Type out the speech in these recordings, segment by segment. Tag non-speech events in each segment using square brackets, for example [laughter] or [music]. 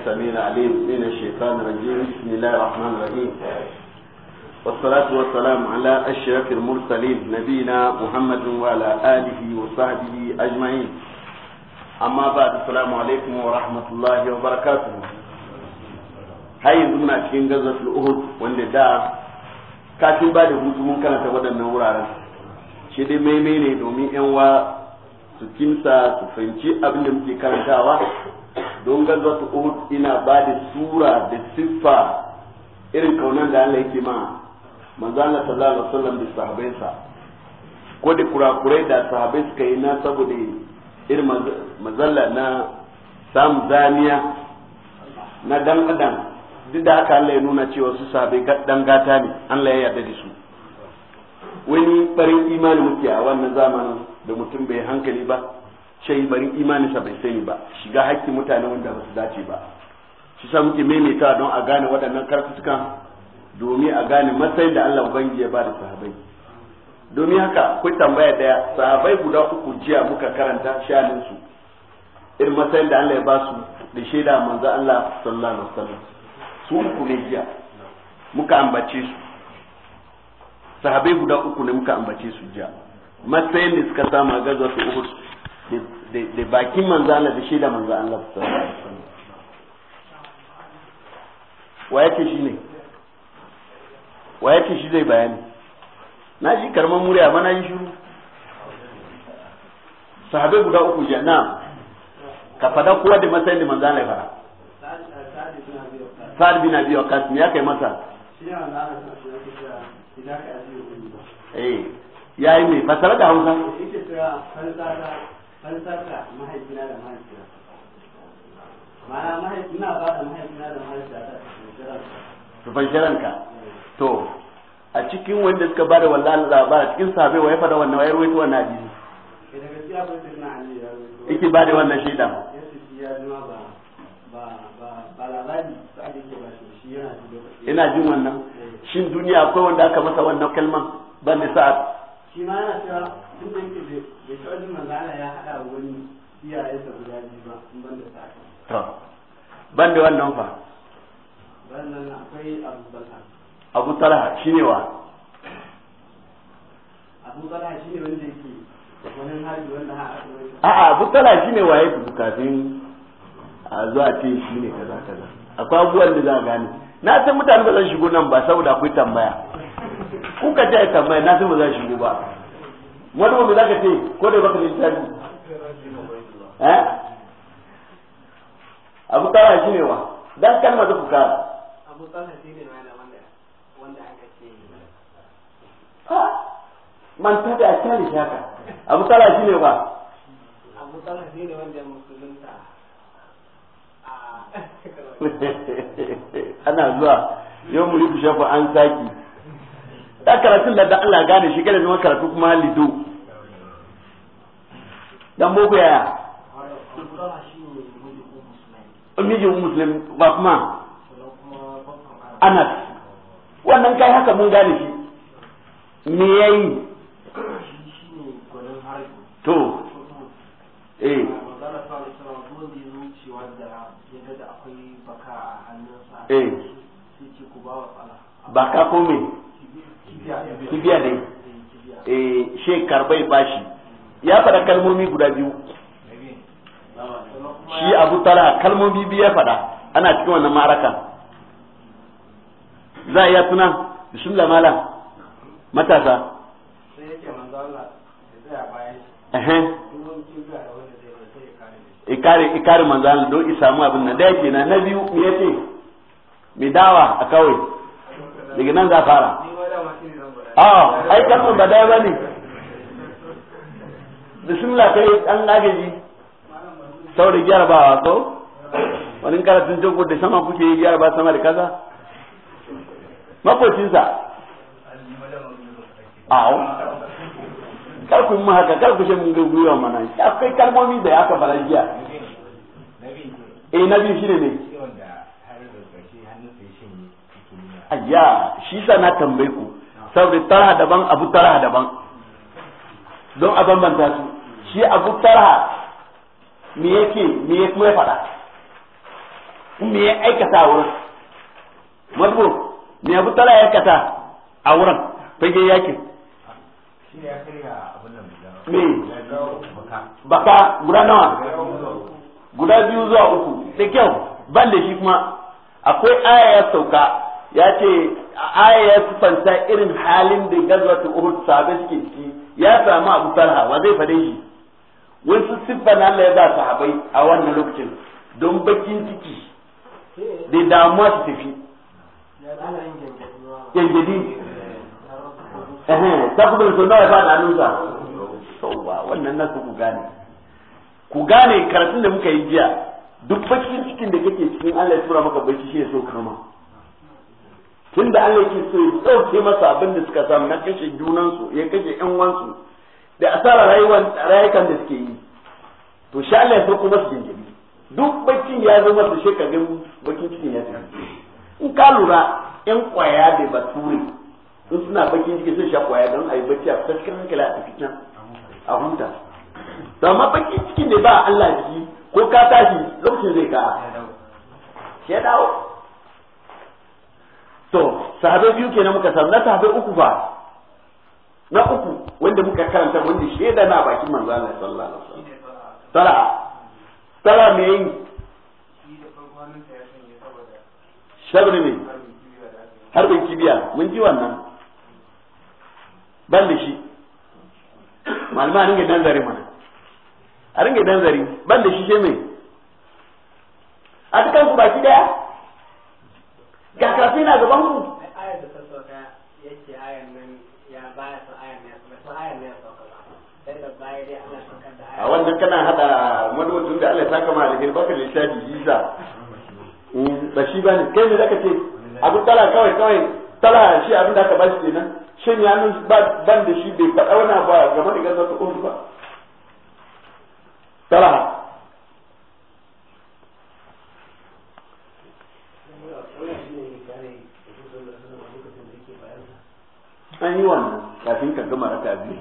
السميع العليم من الشيطان الرجيم بسم الله الرحمن الرحيم والصلاة والسلام على أشرف المرسلين نبينا محمد وعلى آله وصحبه أجمعين أما بعد السلام عليكم ورحمة الله وبركاته هاي زمنا كين غزة الأهد والنداء kafin ba da hutu mun karanta النورة شدي ميميني دومي maimai ne domin 'yan wa su kimsa su fahimci abin da muke karantawa don gazwatu uhud ina ba da sura da siffa irin kaunan da Allah yake ma manzo Allah sallallahu alaihi wasallam da sa ko da kurakurai da sahabbai suka yi na saboda irin mazalla na sam zaniya na dan adam duk da haka Allah ya nuna cewa su sahabbai dan gata ne Allah ya yarda da su wani barin imani muke a wannan zamanin da mutum bai hankali ba shi bari imaninsa bai sani ba shiga haƙƙi mutane wanda ba su dace ba shi sa muke maimaita don a gane waɗannan karfutukan domin a gane matsayin da Allah ubangi ya ba da sahabai domin haka kun tambaya daya sahabai guda uku jiya muka karanta shanin su irin matsayin da Allah ya ba su da shaida manzo Allah sallallahu alaihi wasallam su uku ne jiya muka ambace su sahabai guda uku ne muka ambace su jiya matsayin da suka samu a gazuwa su Uhud da bakin manzo Allah da shaida manzo Allah sallallahu alaihi wasallam wa yake shi ne wa yake shi zai bayani na ji karman murya ba na yi shiru sahabe guda uku je na ka fada kuwa da matsayin da manzo Allah ya fara Sa'ad bin Abi waqas ya kai masa eh yayi me fasara da Hausa an sarka mahaifina da mahaifina ma'ana mahaifina ba da mahaifina da mahaifina ta fankiranka to a cikin wanda suka ba da wallahi Allah ba a cikin sabe wa ya fada wannan wayar waito wannan hadisi eh, yake ba da wannan shaida ya ba ke shi yana ina jin wannan eh. shin duniya akwai wanda aka masa wannan kalman ban da sa'ad shi ma yana cewa tun da yake bai ta wajen manzo Allah ya haɗa wani da guda biyu ba in ban da ta to ban da wannan fa wannan akwai Abu Talha Abu Talha ne wa Abu Talha ne wanda yake wannan hali wanda ha a'a Abu Talha ne waye kafin a zuwa ce shi ne kaza kaza akwai abubuwan da za a gane na san mutane ba zan shigo nan ba saboda akwai tambaya kuka ta yi tambaya na san ba zan shigo ba wani wanda za ka ce ko da baka littafi eh abu kara shi ne wa dan kalma ta fukara abu kara shi ne wanda wanda aka ce man ta da ta ne shaka abu kara shi ne wa abu kara shi ne wanda musulunta [laughs] ana zuwa yau mu rufe shafa an saki da karatun da Allah gane shi kada zama karatu kuma lido dan boko yaya mijin muslim ba kuma anas wannan kai haka mun gane shi me yayi to eh eh ba ka kome kibiya ne eh she karbai bashi ya faɗa kalmomi guda biyu shi abu tara kalmomi biyu ya faɗa ana cikin wannan maraka za a iya tuna bismillah mala matasa sai yake manzo Allah ya tsaya bayan shi ikare ikare manzo Allah don isamu abin nan da yake na biyu me yace mai dawa a kawai daga nan za fara a ai kalmar ba daya bane bismillah kai an agaji ba gyarabawa ko wani karatun jogo da sama kuke yi gyaraba sama da kaza makocinsa awo kar ku yi mu haka kar ku shi mun gwiwa mana akwai kalmomi da ya ka fara jiya eh na biyu shine ne ayya shi sa na tambaye ku saboda tarha daban abu tarha daban don a bambanta su shi abu tarha me yake me ya kuma ya me ya aikata a wurin mabu me abu tarha ya aikata a wurin fage yakin me baka guda nawa guda biyu zuwa uku da kyau ban da shi kuma akwai aya ya sauka ya ce aya ya sufanta irin halin da gazwata uhud sahabai suke ciki ya samu abu talha wa zai fade shi wasu siffan Allah ya ba sahabai a wannan lokacin don bakin ciki da damuwa su tafi yanjadi ta kuma da nawa ya fada hannunsa sauwa wannan nasu ku gane ku gane karatun da muka yi jiya duk bakin cikin da kake cikin Allah ya tura maka bakin shi ya so kama tun da Allah yake so ya ɗauke masa abin da suka samu na kashe junansu ya kashe ƴan wansu da asara rayukan da suke yi to sha Allah ya sauko masu jinjiri duk bakin ya zo su shi ka bakin cikin ya tafi in ka lura ƴan kwaya da bature in suna bakin ciki sun sha kwaya don a yi bacci a cikin hankali a tafi can a hunta to amma bakin cikin ne ba Allah jiki ko ka tashi lokacin zai ka ya dawo to sahabai biyu kenan muka samu na sahabai uku ba na uku wanda muka karanta wanda shaida na bakin manzo Allah sallallahu alaihi wasallam tara tara me yi shabri ne harbin kibiya mun ji wannan ban da shi malama ringa dan zari mana a ringa dan zari ban da shi shi mai. a cikin ku baki daya ga kafin yana gaban mu a wannan kana hada manutun da Allah ya saka ma alheri baka lissafi isa mm, ba shi ba kai ne zaka ce abu tala kawai kawai tala shi abin da aka bashi kenan shin ya nun ban da shi bai faɗa wani ba game da gazar ta ba tala an yi wannan kafin ka gama raka biyu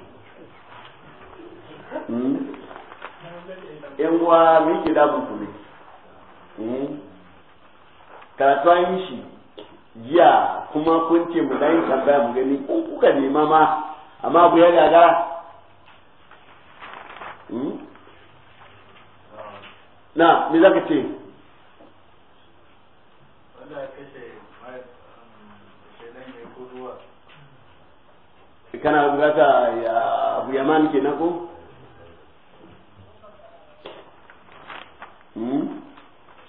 hmm? yan uwa me ke damun ku ne hmm? yi shi jiya kuma kun ce mu dan tambaya mu gani ko kuka nema ma amma ku ya gagara hmm? na me za ka ce wanda kashe ya kana bukata ya abu yaman kenan ko hmm?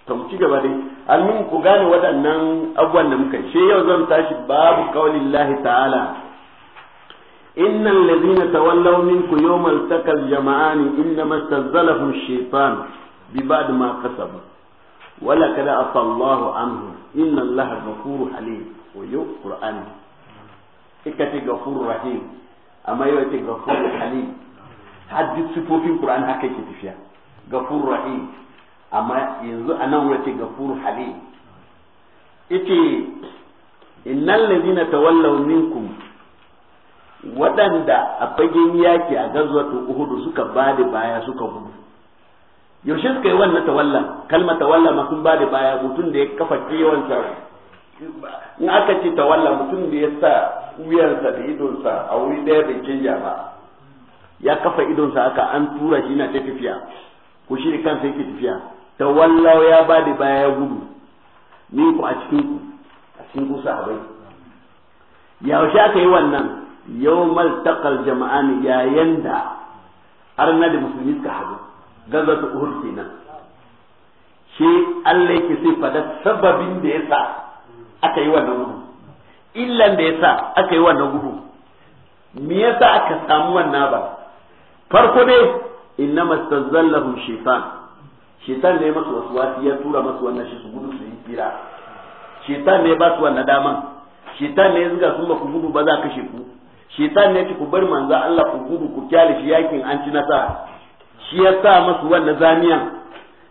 to mu ci gaba dai almin ku gane waɗannan abubuwan da muka she yau zan tashi babu kaulin lahi ta'ala innal ta tawallaw ku yawmal taqal jama'ani innama zalafin shaytan bi ba'd ma kasabu wala kada afallahu anhu inna allaha ghafurur halim wa yu qur'ani ita ce gafurur rahim amma yau ce gafurur halim hadis sifofin qur'an haka yake tafiya gafurur rahim amma yanzu anan wurin ce gafurur halim yace innal ladina tawallaw minkum waɗanda a fagen yaki a gazwatu uhudu suka bada baya suka gudu yaushe suka yi wannan tawallan kalmar tawalla ma sun bada baya mutum da ya kafa kewansa in aka ce tawalla mutum da ya sa wuyansa da idonsa a wuri daya bai canja ba ya kafa idonsa aka an tura shi na ta tafiya ko shi kansa yake tafiya ta wallawa ya ba da baya gudu ni ku a cikin ku a cikin ku sahabai yaushe aka yi wannan yau maltakal jama'an yayin da arna da musulmi suka haɗu gaza ta uhur kenan shi Allah yake sai fada sababin da yasa aka yi wannan gudu illan da yasa aka yi wannan gudu me yasa aka samu wannan ba farko dai inna mastazallahu shaitan shaitan ne masu waswasi ya tura masu wannan shi su gudu su yi tsira shaitan ne ba su wannan daman shaitan ne zuga sun ba ku gudu ba za ka kashe ku shaytan ne ce ku bar manzo Allah ku gudu ku kyale shi yakin an ci nasa shi ya sa masu wannan zamiyan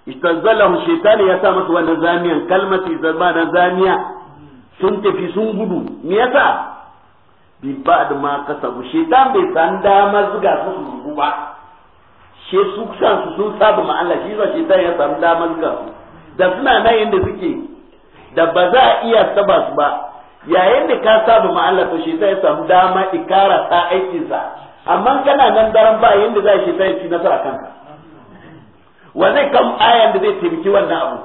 istazallahu shaitan ya sa masu wannan zamiyan kalmati zamanan zamiya sun tafi sun gudu me yasa bi ba da ma kasabu shedan bai san dama zuga su su rubu ba she su san su sun sabu ma Allah shi zai shetan ya samu dama zuga su da suna nan yanda suke da ba za a iya saba su ba yayin da ka sabu ma Allah to shedan ya samu dama ikara ta aikin sa amma kana nan daren ba yanda za shedan ya ci nasara kanka wa zai kam ayan da zai taimaki wannan abu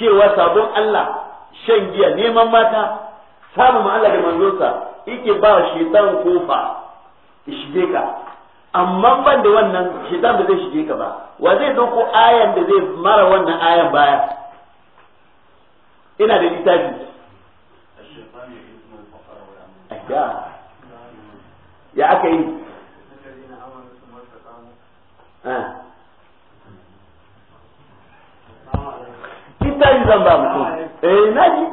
cewa sabon Allah shan giya neman mata samun ma'ala da manzonsa yake ba shaitan kofa shige ka amma ban da wannan shaitan ba zai shige ka ba wa zai doko ayan da zai mara wannan ayan baya ina da littafi ya aka yi yi ah. zan ba mutum eh na ji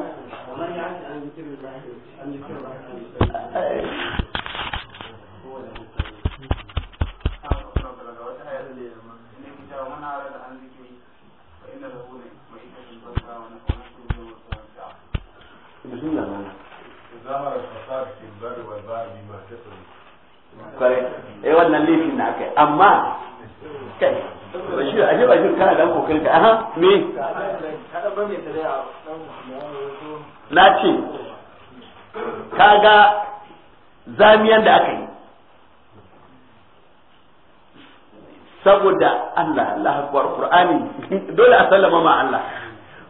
eh wannan laifin na kai amma kai bashir a bashir kana dan kokarin ka aha me na ce kaga zamiyan da aka yi saboda Allah Allah akbar Qur'ani [laughs] dole a sallama ma Allah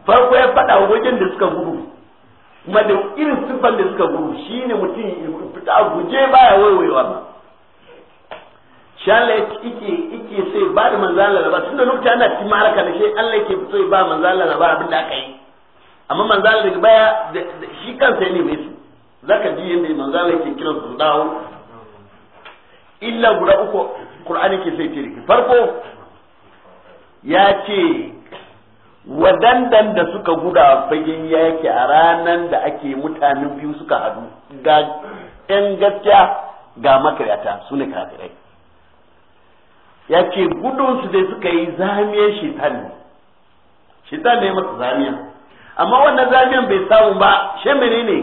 farko ya fada wajen da suka gudu kuma da irin sifan da suka gudu shine mutum fita guje baya waiwaiwa ba shi Allah yake yake sai ba da manzo Allah ba tunda lokaci ana cikin ma'araka ne shi Allah yake fito ba manzo Allah ba abin da aka yi amma manzo Allah daga baya shi kansa ne mai su zaka ji yanda manzo Allah yake kiran su dawo illa guda uku Qur'ani ke sai tiri farko ya ce wadandan da suka guda fagen yaki a ranan da ake mutanen biyu suka hadu ga ɗan gaskiya ga makaryata su ne kafirai ya ce gudunsu dai suka yi zamiyar shaitan ne shaitan ne masa zamiya amma wannan zamiyar bai samu ba shi menene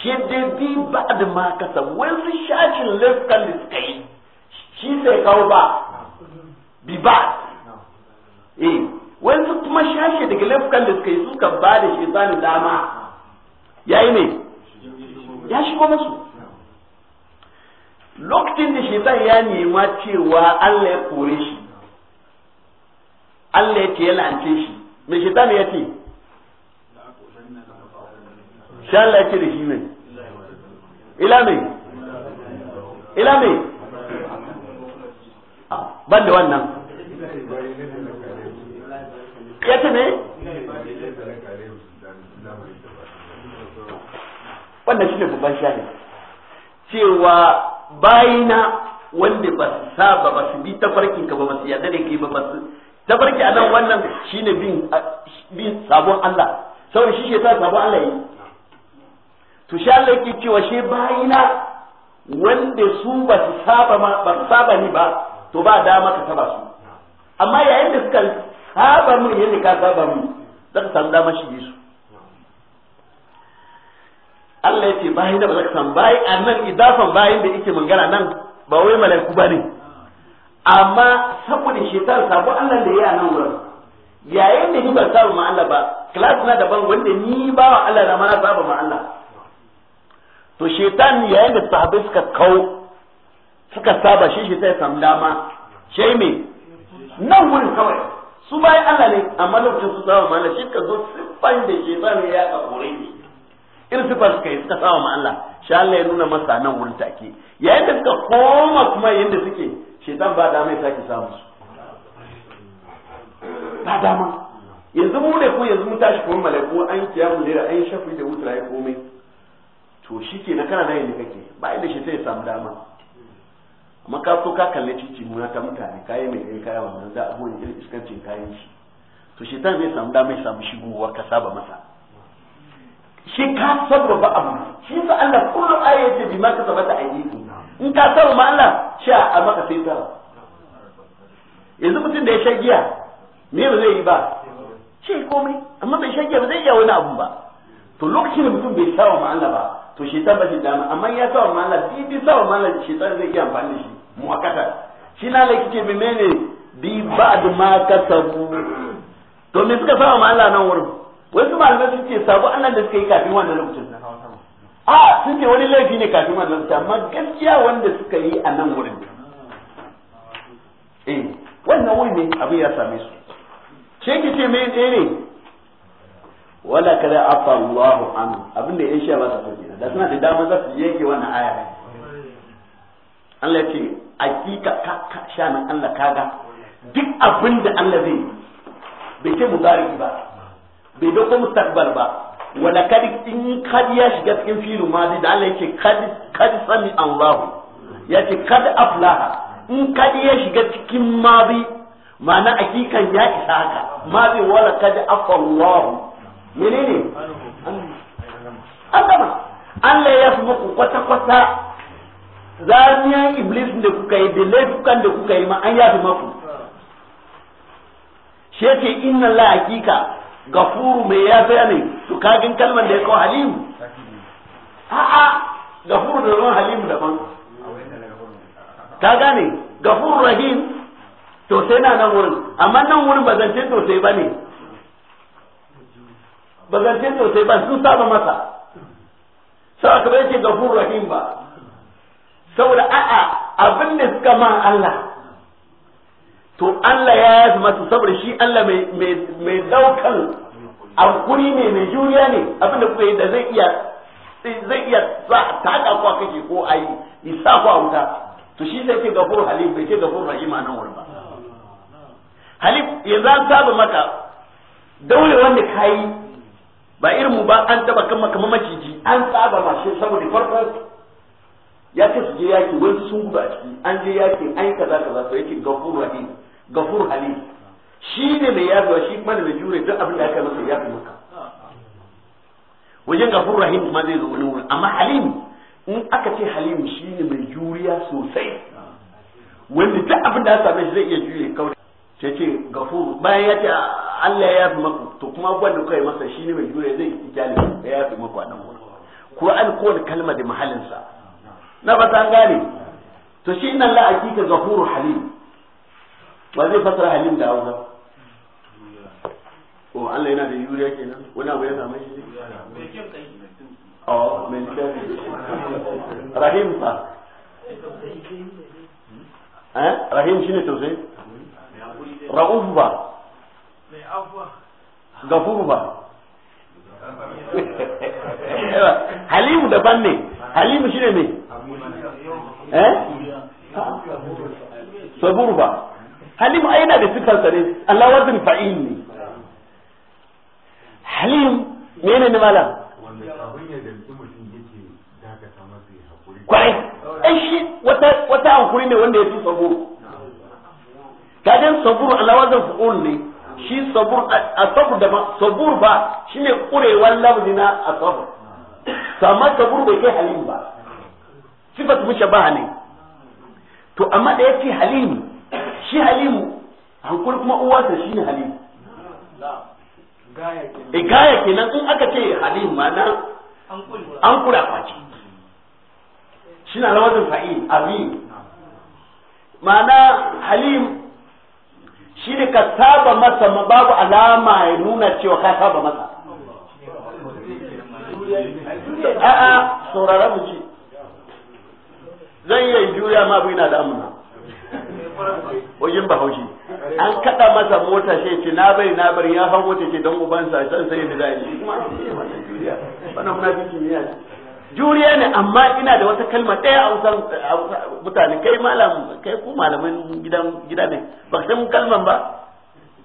shi dai ba da ma kasa wasu shashin laifukan da suka yi shi sai kawo ba bi ba eh wasu kuma shashe daga laifukan da suka yi suka ba da shaitan dama ya yi ne ya shigo musu lokacin da shaitan ya nema cewa Allah ya kore shi Allah ya ce ya lance shi mai shaitan ya ce sha Allah ya ce da shi ne ila mai ila mai ah, ban da wannan ya ce ne wannan shi ne babban shahid cewa bayina wanda ba su saba ba su bi tafarkin ka ba ba su yarda da kai ba ba su tafarki a nan wannan shi ne bin sabon Allah saboda shi shi ta sabon Allah yi to sha Allah yake cewa shi bayina wanda su ba su saba ma ba su saba ni ba to ba dama ka saba su amma yayin da suka saba mu yadda ka saba mu zaka samu dama shi su Allah ya ce bayan da ba za ka san bayi a nan idafan bayan da yake mangana nan ba wai malaiku ba ne amma saboda shaitan sabo Allah da ya nan wurin yayin da ni ba sabo ma Allah ba kilas na daban wanda ni ba wa Allah na mana saba ma Allah to shaitan yayin da sahabai suka kau suka saba shi shi sai samu dama shai me nan wurin kawai su bayan Allah ne amma lokacin su saba ma Allah shi ka zo siffan da shaitan ya ka kore ne. irin sifar suka yi suka sama Allah sha Allah ya nuna masa nan wurin take yayin da suka koma kuma yadda suke shedan ba dama ya sake samu su ba dama yanzu mu ne ko yanzu mu tashi kuma malaiku an mu lera an shafi da wutar ya komai to shi ke na kana da kake ba inda shi sai ya samu dama amma ka so ka kalle cici muna ta mutane kayan mai kai kaya wannan za a buɗe iskancin kayan shi to shi zai samu dama ya samu shigowa ka saba masa shi ka ba abu shi sa Allah kullum ayat da bi ma ka sabata ayyuki in ka saba ma Allah sha a maka sai ta yanzu mutum da ya sha giya me ba zai yi ba shi komai amma bai sha giya ba zai iya wani abu ba to lokacin da mutum bai saba ma Allah ba to shi ta shi dama amma ya saba ma Allah bi bi saba ma Allah shi ta zai iya amfani da shi akata shi na laki ce bi mene bi ba'd ma kasabu to me suka saba ma Allah nan wurin wasu malamai sun ce sabu Allah da suka yi kafin wannan lokacin a sun ce wani laifi ne kafin wannan lokacin amma gaskiya wanda suka yi a nan wurin eh wannan wuri ne abin ya same su ki ce mai ɗaya ne wala kada afa Allahu an abin da ya sha ba su sauki da suna da dama za su yanke wannan aya Allah ya ce hakika ka nan Allah kaga duk abin da Allah zai bai ce mubari ba bai kuma mustaqbal ba wala kad in kad ya shiga cikin filu madi da Allah yake kad kad sami Allah yace kad aflaha in kad ya shiga cikin madi ma'ana hakikan ya isa haka madi wala kad afa menene Allah Allah ya fi kwata kwata zaniyan iblis da kuka yi da laifukan da kuka yi ma an yafi maku shi yake inna la hakika gafuru mai yafiya ne to kagin kalmar da ya kawo halimu a'a gafuru da ruwan halimu daban ta gane gafuru rahim to sai na nan wurin amma nan wurin ba zance to sai ba ne ba zance to sai ba sun saba masa sau aka bai ce gafuru rahim ba saboda a'a abin da suka ma Allah to Allah ya yi masa saboda shi Allah mai daukan hankuri ne mai juriya ne abinda kuka yi da zai iya zai iya sa ta taɗa ku kake ko ayi isa ko a wuta to shi zai ke gafur halif bai ke gafur rahim a nan wurin ba halim yanzu an saba maka daure wanda ka yi ba irin mu ba an taba kan maka maciji an saba ma shi saboda farko ya ce su je yaki wani sun gudu a ciki an je yaki an yi kaza kaza to yake gafur rahim gafur hali shi ne mai wa shi mana mai jure duk abin da aka masa ya fi maka wajen gafur rahim ma zai zo wani wurin amma halim in aka ce halim shi ne mai juriya sosai wanda duk abin da ya same shi zai iya jure kawai sai ce gafur bayan ya ce Allah ya yafi maku to kuma abubuwan kai masa shi ne mai jure zai yi kyale ya yafi maku wannan nan wurin Qur'an kowane kalma da mahallinsa na ba ta gane to shi inna la'akika gafuru halim ba zai fasara halin da hausa o Allah yana da yuriya kenan wani abu ya same shi oh mai littafi rahim fa eh rahim shine tausayi ra'uf ba gafur ba halimu daban ne halimu shine ne eh sabur ba halim ai yana da sifarsa ne Allah wazin fa'il ne halim mene ne malam kwarai ai shi wata wata hankuri ne wanda ya fi saburu kadan saburu Allah wazin fa'ul ne shi sabur asabur da sabur ba shi shine kurewar labdi na a asabur sama sabur bai kai halim ba sifat mushabaha ne to amma da ya fi halim shi halimu hankuri kuma uwarsa shi ne halimu eh, gaya kenan in aka ce halim ma na an kura kwaci shi na lawazin fa'il abin ma'ana halim shi ne ka saba masa babu alama ya nuna cewa ka saba masa a'a saurara mu ce, zan yi juriya ma bai na da amina an kada masa mota shi ce na bari na bari ya hau mota ce don ubansa sai zai wannan ne juriya ne amma ina da wata kalma daya a wutan mutane kai malam kai ku malamin gidan gida ne ba san kalman ba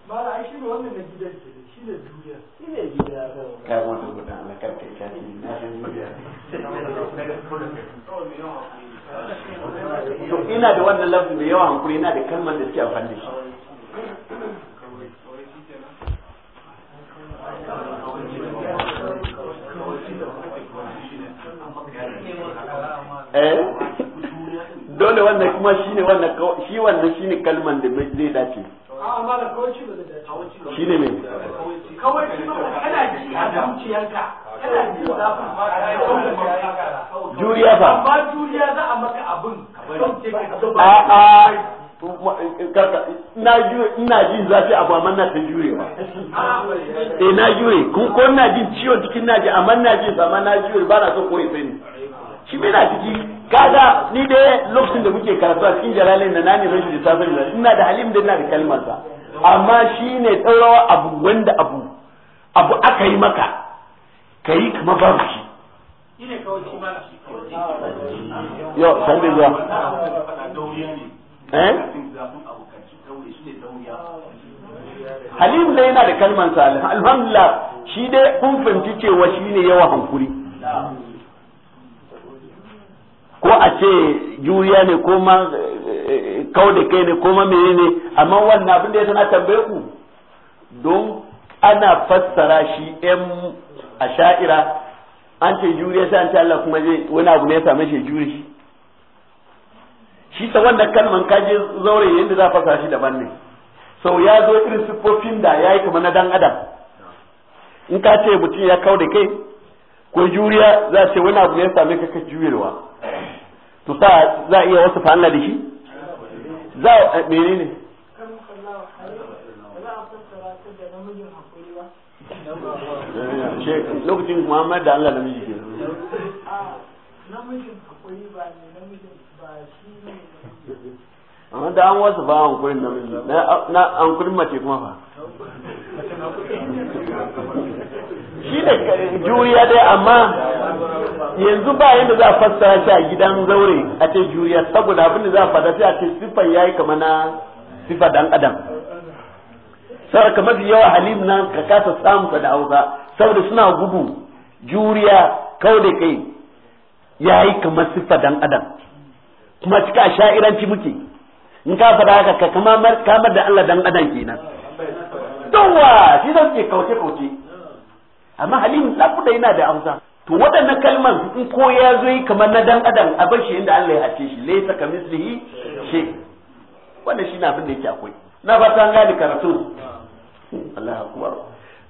ba da shi ne wannan na gidan ke shi ne juriya shi ne kai wannan to ina da wannan lafzi da yawa hankuri ina da kalmar da suke amfani da shi eh dole wannan kuma shine wannan shi wannan shine kalman da mai zai dace a amma da kawai ba zai dace shine me kawai kana ji a zuciyarka kana ji zafin juriya fa amma juriya za a maka abin a a na jure ina jin zafi a amma na ta jure ba eh na jure ko na jin ciwon cikin na ji amma na jin amma na jure ba na so koyi sai ni shi na ciki kaga ni dai lokacin da muke karatu a cikin jalalin da nani rashin lissafin da ina da halim da ina da kalmar sa amma shi ne tsarawa abu wanda abu abu aka yi maka ka yi kamar babu shi yau san da zuwa eh halim yana da kalmar sa alhamdulillah shi dai kun fahimci cewa shi ne yawa hankuri ko a ce juriya ne ko ma eh, eh, kau da kai ne ko ma meye ne amma wannan abin da ya sana tambaye ku don ana fassara shi yan asha'ira an ce juriya sai an ce Allah kuma zai wani abu ne ya same shi juri shi ta wannan kalman kaje zaure yadda za a fassara shi daban ne sau ya zo irin siffofin da ya yi kamar na dan adam in ka ce mutum ya kau da kai ko juriya za ce wani abu ne ya same ka ka juyarwa to sa za iya wasu fa Allah da shi za eh, menene lokacin Muhammad da Allah namiji ke namijin hakuri ba ne namijin ba shi ne amma da an wasu ba hankulin namiji na hankulin mace kuma fa shi ne juriya dai amma yanzu ba yadda za a fassara shi a gidan zaure a ce juriya saboda abin da za a fada sai a ce siffar yi kama na sifa dan adam saboda kamar yawa halim nan ka kasa samu ka da hausa saboda suna gudu juriya kawai da kai yi kama sifa dan adam kuma cika sha'iranci muke in ka fada haka ka kamar da Allah dan adam kenan dawa shi zan ke kauce kauce amma halim da yana da amsa to waɗannan kalman in ko ya zo yi kamar na dan adam a bar shi inda Allah ya hace shi laysa mislihi shay wannan shi na abin da yake akwai na ba ta gane karatu Allahu akbar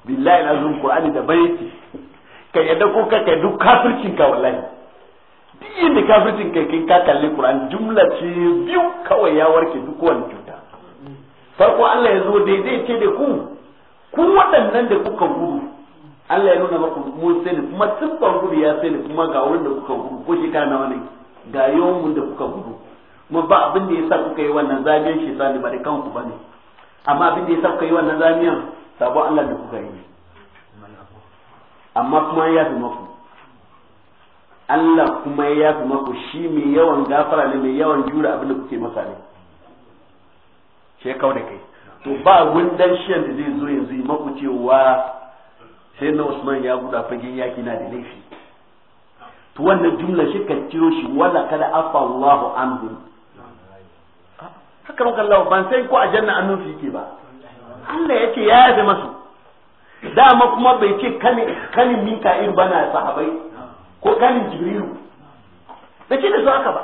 billahi lazum qur'ani da baiti kai yadda ko ka kai duk kafircin ka wallahi duk inda kafircin kai kin ka kalli qur'ani jumla ce biyu kawai ya warke duk wani cuta farko Allah ya zo daidai ce da ku ku waɗannan da kuka gudu Allah ya nuna maku mun sani kuma siffan gudu ya sani kuma ga wurin da kuka gudu ko shekara nawa ne ga yawan da kuka gudu kuma ba abin da yasa kuka yi wannan zamiyan shi sani ba da kanku bane amma abin da yasa kuka yi wannan zamiyan sabon Allah da kuka yi amma kuma ya fi maku Allah kuma ya fi maku shi mai yawan gafara ne mai yawan jura abin da kuke masa ne shekau da kai to ba wundan shiyan da zai zo yanzu maku cewa sai na usman ya guda fagen yaki na da laifi to wannan jumla shi ka ciro shi wala kada afa Allahu anhu haka maka Allah ban sai ko a janna an nufi yake ba Allah yake ya yabe masu dama kuma bai ce kanin ka in bana sahabai ko kanin jibrilu da ce da su haka ba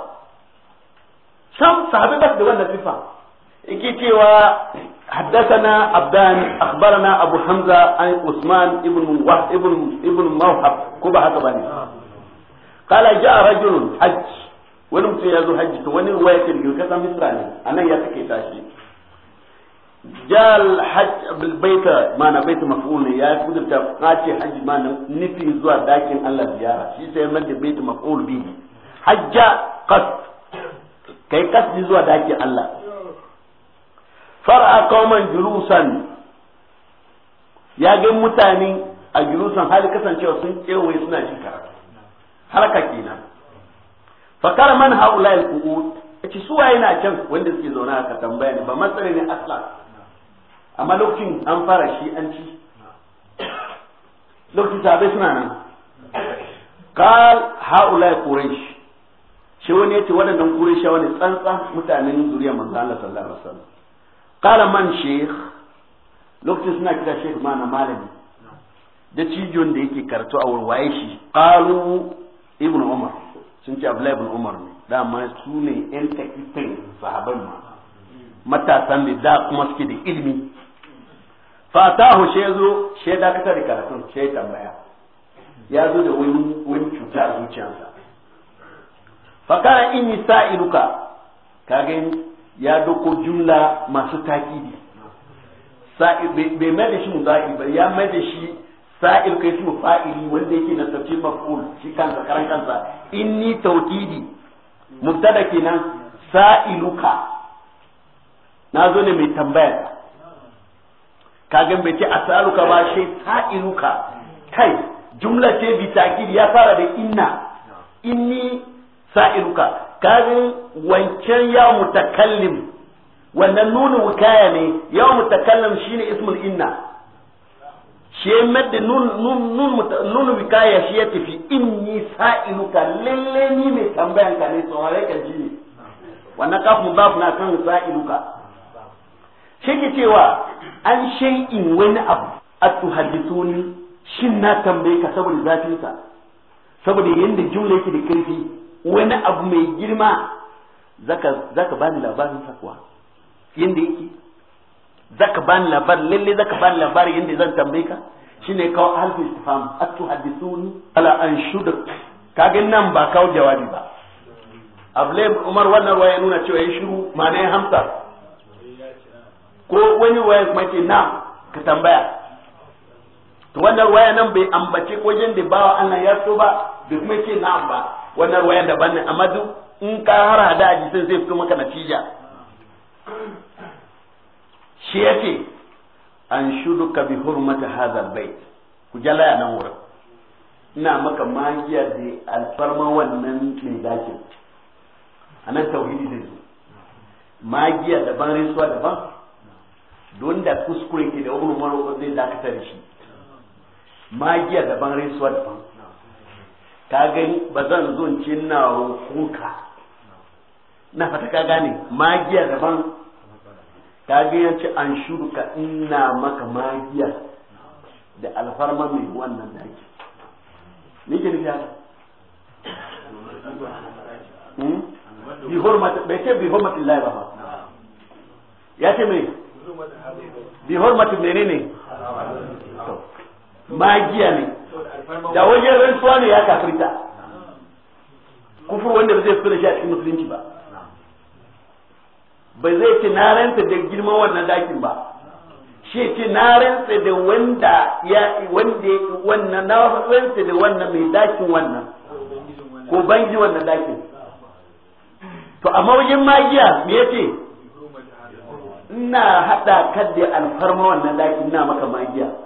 sam sahabai ba da wannan sifa yake cewa حدثنا عبدان اخبرنا ابو حمزه عن عثمان ابن وهب ابن ابن موهب كوبا حتى بني قال جاء رجل حج wani mutum ya zo hajji wani ruwa yake daga kasan ne a nan ya take tashi jal hajj bil baita mana baita maf'ul ne ya kudurta kace hajji mana nufi zuwa dakin Allah ziyara shi sai mai da baita maf'ul hajja kai kasdi zuwa dakin Allah fara kauman julusan ya ga mutane a julusan hali kasancewa sun kewaye suna shi karatu haraka kenan fakar man haula al qu'ud yace su waye na can wanda suke zaune aka tambaya ne ba matsala ne asla amma lokacin an fara shi an ci lokacin sabai suna nan kal haula quraish shi wani yace waɗannan qurayshawa ne tsantsan mutanen zuriyar manzo Allah sallallahu alaihi wasallam kala man sheikh lokacin suna kira sheikh mana malami da cijon da yake karatu a waye shi kalu ibn umar sun ce umar ne dama su ne yan takifin sahaban ma matasan da kuma suke da ilimi fatahu she zo she dakatar da karatun she tambaya ya zo da wani wani cuta a zuciyarsa fakara inni sa'iluka kaga ya doko jumla masu taƙidi bai mai da shi mudari ba ya mai da shi sa'il kai su fa'ili wanda yake nasabci maf'ul shi kansa karan kansa inni tawkidi mubtada kenan sa'iluka na zo ne mai tambaya kagan bai ce asaluka ba shi sa'iluka kai jumla ce bi takidi ya fara da inna inni sa'iluka kagan wancan ya mutakallim wannan nunin wukaya ne ya mutakallim shine ismul inna shi ya madda nun wukaya shi ya tafi in yi sa'iluka lalle ni mai tambayan ka ne tsohon ka ji ne wannan kafin babu na kan sa'iluka shi ke cewa an shay'in wani abu a tuhadisuni shin na tambaye ka saboda zafinsa saboda yadda jimla yake da karfi wani abu mai girma zaka bani labarin sa kuwa yanda yake zaka bani labarin lalle zaka bani labarin yanda zan tambaye ka shine kawo alfi istifham atu hadithuni ala an shudak kage nan ba kawo jawabi ba ablaim umar wannan ruwaya nuna cewa ya shiru ma'ana ya hamsa ko wani ruwaya kuma ce na ka tambaya to wannan waya nan bai ambace ko da bawa Allah ya so ba da kuma ce na ba wannan waya daban ne amma duk in ka har hada da hadisin zai fito maka natija shi yake an ka bi hurmata hada bait ku jalaya nan wurin ina maka magiya da alfarma wannan mai dakin a nan tauhidi zai zo magiya daban risuwa daban don da kuskure ke da wani maro zai dakatar shi magiya daban risuwa daban ka gani ba zan zo cin na na fata ka gane magiya daban ka gani ce an shuruka ina maka magiya da alfarma mai wannan daki ni ke nufi haka hmm? bi hurmat bai ce bi hurmat Allah ba ya ce mai bi hurmat menene ne magiya ne da wajen rantsuwa ne ya kafirta kufur wanda ba zai fito da shi a cikin musulunci ba ba zai ce na ranta da girman wannan dakin ba shi ce na rantsa da wanda ya wanda wannan na rantsa da wannan mai dakin wannan ko bangi wannan dakin to amma wajen magiya me yace ina hada kadda alfarma wannan dakin ina maka magiya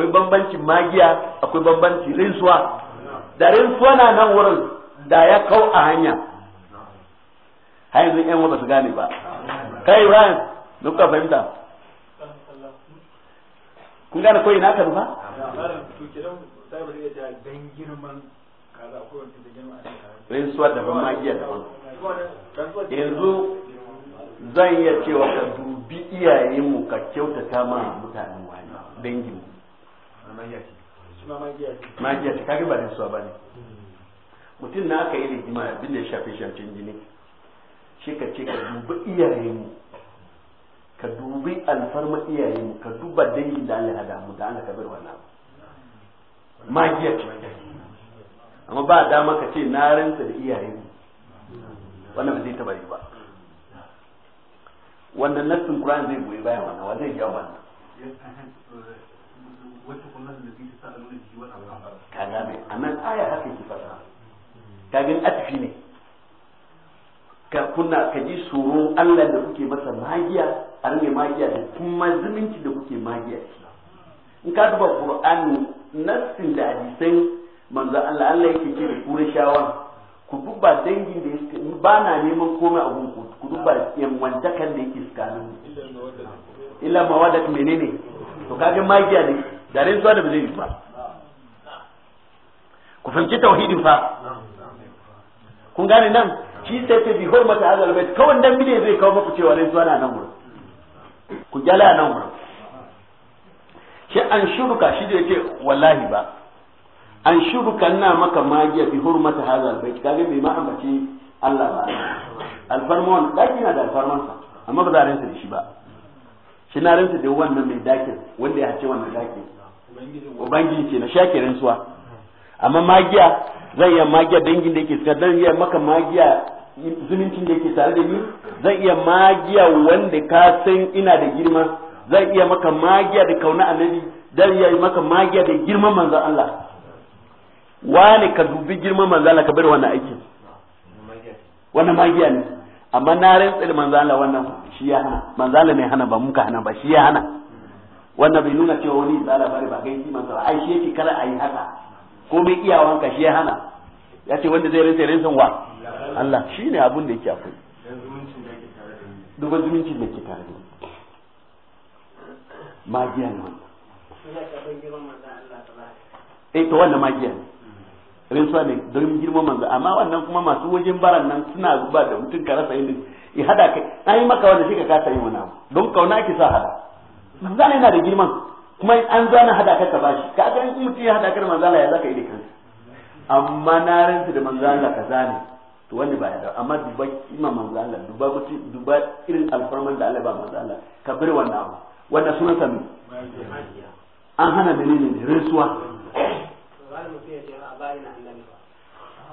akwai bambancin magiya akwai bambancin rinsuwa da rinsuwa na nan wurin da ya kau a hanya har yanzu yan wata su gane ba kai ran duk ka fahimta kun gane koyi naka ba rinsuwa ban magiya ban yanzu zan iya cewa ka dubi iyayenmu ka kyautata ma mutanen wani dangin magiya ce magiya ce kaga ba da suwa bane mutum na aka yi rigima abin da ya shafe shancin jini shi ka ce ka dubi iyayenmu ka dubi alfarma mu ka duba dangin da Allah da mu da Allah ka bar wannan magiya ce amma ba dama ka ce na rantsa da mu wannan ba zai taba yi ba wannan nassin Qur'an zai goyi bayan wannan wa zai jawo wannan kaga ne a nan aya fasa kagin atfi ne ka kuna ka ji tsoro Allah da kuke masa magiya a rage magiya da kuma zumunci da kuke magiya in ka duba qur'ani nassin da hadisan manzo Allah Allah yake ce da kurashawa ku duba dangin da ba na neman komai a ku ku duba yanwantakan da yake tsakanin illa mawadat menene to kaga magiya ne da rantsuwa da ba zai yi ba ku fahimci tauhidin fa kun gane nan shi sai ta bi hormata hazal bai kawai dan bide zai kawo maku cewa rantsuwa na nan wurin ku gyala nan wurin shi an shuruka shi da yake wallahi ba an shuruka na maka magiya bi hurmata hazal bai kage bai ma ambaci Allah ba alfarmon daki na da sa amma ba za a da shi ba shi na rinsa da wannan mai dakin wanda ya ce wannan dakin ubangiji ke na sha ke rantsuwa amma magiya zan iya magiya dangin da yake suka zan iya maka magiya zumuncin da yake tare da ni zan iya magiya wanda ka san ina da girma zan iya maka magiya da kauna annabi zan iya maka magiya da girman manzon Allah wani ka dubi girman manzon Allah ka bar wannan aikin wannan magiya ne amma na rantsa da manzon Allah wannan shi ya hana manzon Allah ne hana ba muka hana ba shi ya hana wannan bai nuna cewa wani izala bari ba kai kiman sa ai shi yake kada yi haka ko mai iyawan ka shi ya hana ya ce wanda zai rinsa rinsan wa Allah shine abun da yake akwai duba zumuncin da yake tare da magiya ne wannan eh to wannan magiya ne rinsa ne don girman manzo amma wannan kuma masu wajen baran nan suna zuba da mutum ka rasa yin ya hada kai na yi maka wanda shi ka kasa yin wani abu don kauna ki sa hada manzala yana da girman kuma an zana hadaka ka bashi ka ga in mutum ya hadakar manzala ya zaka yi da kansa amma na rantsu da manzala ka zane to wani ba ya da amma duba kima manzala duba mutum duba irin alfarman da Allah ba manzala ka bar wannan abu wannan sunan sami an hana menene rantsuwa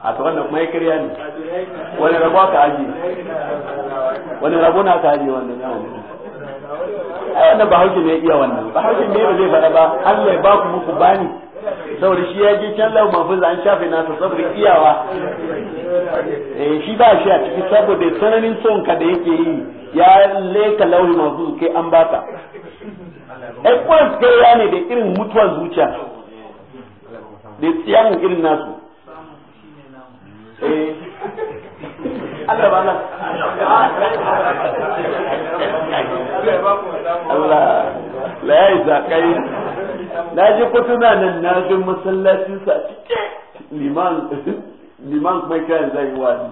a to wannan kuma ya karya ne wani rabo ka aji wani rabo na ka aji wannan yawon ai wannan bahaushe ne ya iya wannan bahaushe ne ba zai faɗa ba Allah ya baku muku bani saboda shi ya je can lau mafuz an shafe ta saboda iyawa eh shi ba shi a ciki saboda tsananin son ka da yake yi ya leka lauhi mafi kai an baka ai kai ya ne da irin mutuwar zuciya da tsiyan irin nasu eh Allah ba Allah Allah la yayi zakai na je kotuna nan na ga masallaci sa liman [laughs] liman kuma kai zai wani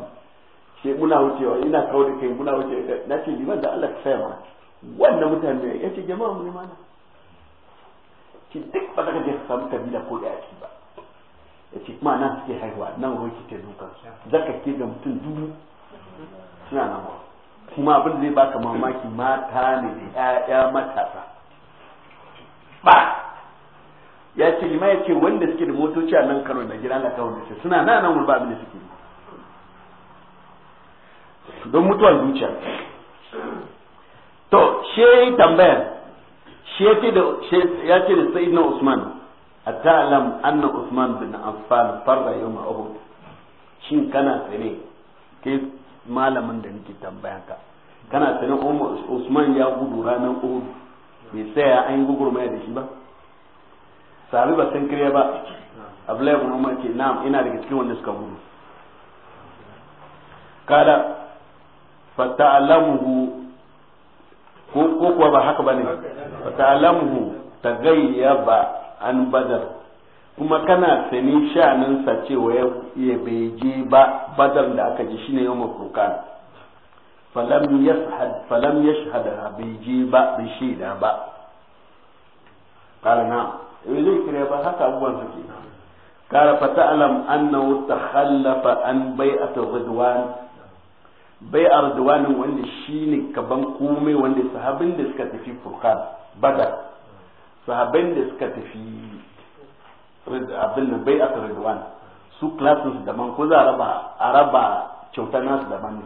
ke muna wucewa ina kawo da kai muna wucewa na ce liman da Allah ka saya mana wannan mutane ya ce jama'a mu ne ki duk ba ka je ka samu kabila ko da yaki ba ya ce kuma nan suke haihuwa nan ruwa ke dukan zaka ke ga mutum dubu suna nan kuma abin da zai baka mamaki mata ne da ƴaƴa matasa ba ya ce lima ya ce wanda suke da motoci a nan Kano da gidan kawo kawai ce suna nan wani ba da suke don mutuwar zuciya to she tambayar she ce da ya ce da sayyidina Usman ata'lam anna Usman bin amfani farra yau Uhud shin kana tsere malamin da nake tambaya ka kana sanin Usman ya gudu ranar Uhud bai tsaya an yi gugurmaya da shi ba sahabi ba san kiriya ba Abdullahi ibn Umar ce na'am ina daga cikin wanda suka gudu kada fata'alamuhu ko kuwa ba haka bane fata'alamuhu tagayyaba an badar kuma kana sani sha'aninsa cewa ya bai je ba badar da aka ji shine yau furkan falam ya shahada bai je ba bai shaida ba kala na zai kira ba haka abubuwan ke kala fata alam wuta takhallafa an bai a bai'at bai a ridwan wanda ne kaban komai wanda sahabin da suka tafi furkan badar sahabin da suka tafi abin nan bai aka ridwan su klasin su daban ko za a raba kyauta nasu daban ne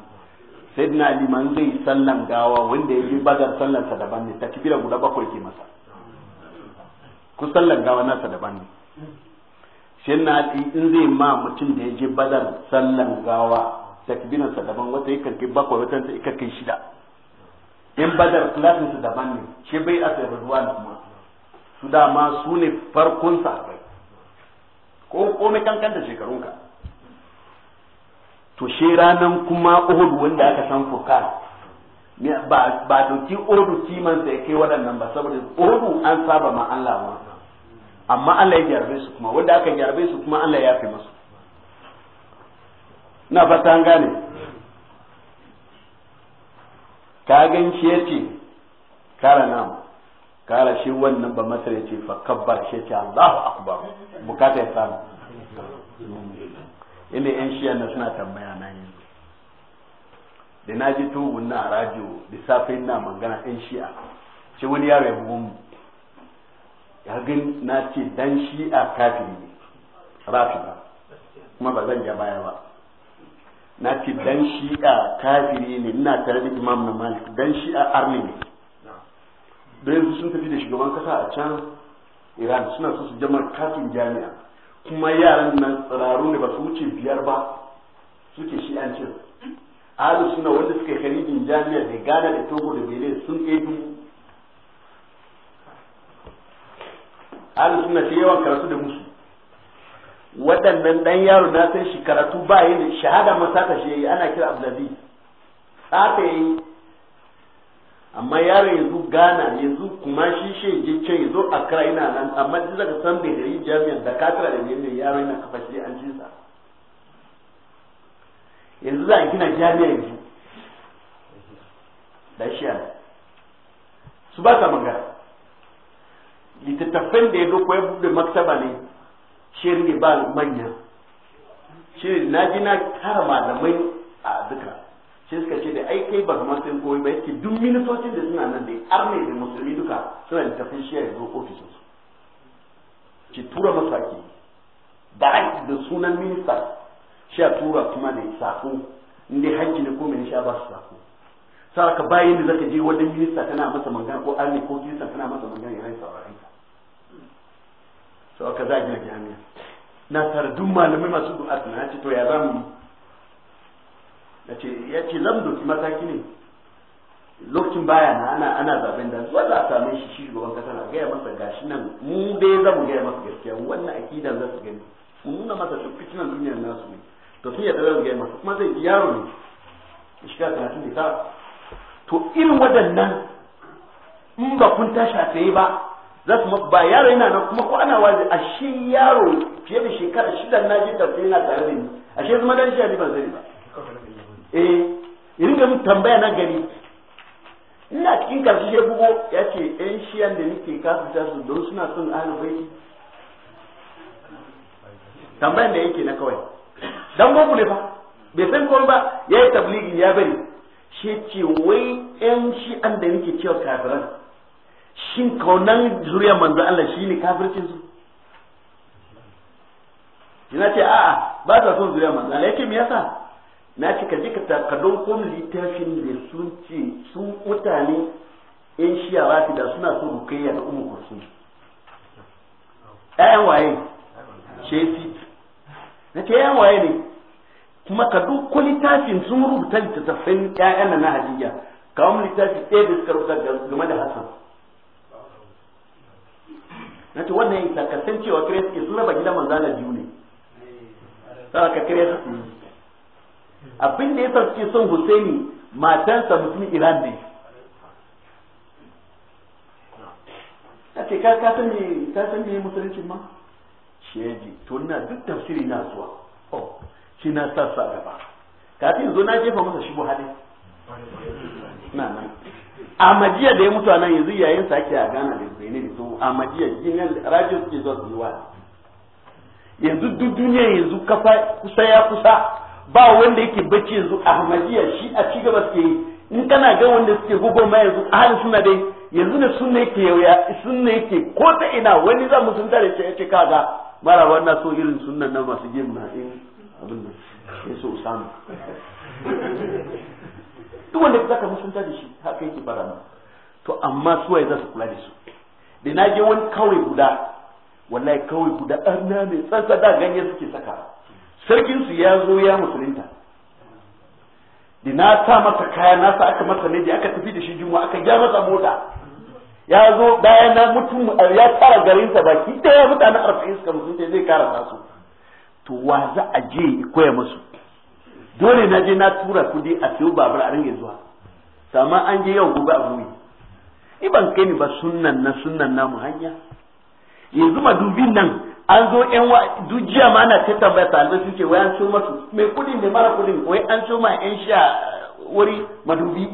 sayyidina ali man zai sallan gawa wanda ya bi badar sa daban ne takbira guda bakwai ke masa ku sallan gawa nasa daban ne shi na ali in zai ma mutum da ya je badar sallan gawa takbiransa daban wata yakan kai bakwai wata yakan kai shida in badar klasinsa daban ne shi bai aka ridwan kuma su dama su ne farkon sa. ko komai kankan da shekarunka to shi ranan kuma uhud wanda aka san ne? ba ba dauki uhud man sai kai waɗannan ba saboda uhud an saba ma Allah ma amma Allah ya jarbe su kuma wanda aka jarbe su kuma Allah ya fi masu na fata an gane ka gan shi yace kara namu kara shi wannan ba masar ya ce fa kabbar shi ce Allahu akbar bukata ya samu ina yan shi na suna tambaya na yi da na ji tubu na radio da safe na magana yan shi'a ce wani yaro ya bugun ya gani na ce dan shi'a kafiri ne rafida kuma ba zan ja baya ba na ce dan shi'a kafiri ne ina tare da imam na malik dan shi'a arni ne don yanzu sun tafi da shugaban kasa a can iran suna so su jama katin jami'a kuma yaran nan tsararru ne ba su wuce biyar ba suke shi an cin ahalu suna wanda suka yi jami'a da Gana da togo da benin sun ɗebi ahalu suna ce yawan karatu da musu waɗannan ɗan yaro na san shi karatu ba yin shahada masa ta shi yayi ana kira abdulaziz tsafe yi. amma yaro yanzu gana yanzu kuma shi shi je ce yanzu a kira ina nan amma duk zaka san da gari jami'an da katara da jami'an yaro yana kafa shi an jinsa yanzu za a gina jami'a yanzu da shi a su ba ta magana littattafan da ya doko ya buɗe maktaba ne shirin ba manya shirin na ji na tara malamai a duka shi suka ce da ai kai ba kamar masu koyi ba yake duk ministocin da suna nan da arne da musulmi duka suna da tafin shi ya zo ofisin su ki tura masu ake da da sunan minista shi a tura kuma da sako inda hajji ne ko mene sha ba su sako ka bayan da zaka je wajen minista tana masa magana ko arne ko kirista tana masa magana ya rai saurari ka za a gina jami'a na tardun malamai masu du'a na ce to ya zamu ya ce zan doki mataki ne lokacin baya na ana ana zaben da zuwa za a same shi shi gaban kasa na gaya masa gashi nan mu dai za mu gaya masa gaskiya wannan akidan za su gani mu nuna masa duk fitinan duniyar nasu ne to sun yadda za su gaya masa kuma zai yi yaro ne shiga talatin da tara to irin waɗannan in ba kun tashi a tsaye ba za su maku ba yaro yana nan kuma ko ana wazi ashe yaro fiye da shekara shida na je tafiya yana tare da ni ashe zama dan shi ba zai ba eh irin da mun tambaya na gari ina cikin karshe ya bugo ya ce yan shiyan da nake ta su don suna son ahalubai tambayan da yake na kawai dan boko ne fa bai san komai ba ya yi tabligi ya bari shi ce wai yan shiyan da nake cewa kafiran shin kaunan zuriyar manzo Allah shi ne kafircin su yana ce a'a ba ta son zuriyar manzo Allah yake me yasa na ce ka je ka takardun kun littafin da sun ce sun mutane yan shiya rafi da suna son rukayya da umu kursu ƴaƴan waye shefi na ce ƴaƴan waye ne kuma ka duk littafin sun rubuta littattafan ƴaƴan nan na hadiya kawo mu littafi ɗaya da suka rubuta game da hassan na ce wannan ya isa kasancewa kiriya suke suna raba gidan manzana biyu ne ka abin da ya sarki son Husaini matansa mutumin Iran ne kace ka ka san me ka san me musulunci ma sheji to na duk tafsiri na zuwa oh shi na sa sa gaba kafin zo na jefa masa shi buhari na nan amajiya da ya mutu a nan yanzu yayin sa ake a Ghana da Benin da su amajiya ginin radio suke zuwa su yi yanzu duk duniya yanzu kafa kusa ya kusa ba wanda yake bacci yanzu ahmadiyya shi a ci gaba suke yi in kana ga wanda suke gugu ma yanzu ahli suna dai yanzu ne sunna yake yauya sunna yake ko ta ina wani za mu sunta da shi yace kaga mara wannan so irin sunnan nan masu jin na in abin nan sai so usama [laughs] duk wanda zaka sunta da shi haka yake fara mu to amma su waye za su kula da su da na je wani kawai guda wallahi kawai guda arna ne tsantsa da ganye suke saka su ya zo ya musulunta da na sa masa kaya na sa aka masa ne da aka tafi da shi juma aka gyara masa mota ya zo bayan na mutum ya tara garinsa baki daya mutane arba'in suka sai zai kara su to wa za a je koya musu dole na je na tura kudi a siyo babur a ringa zuwa sama an je yau gobe a buwi iban kai ni ba sunnan na sunnan namu hanya yanzu madubin nan an zo yan wa duk jiya ma na ta tambaya talibai sun ce wai an ciyo masu mai kudin da mara kudin wai an ciyo ma yan sha wuri madubi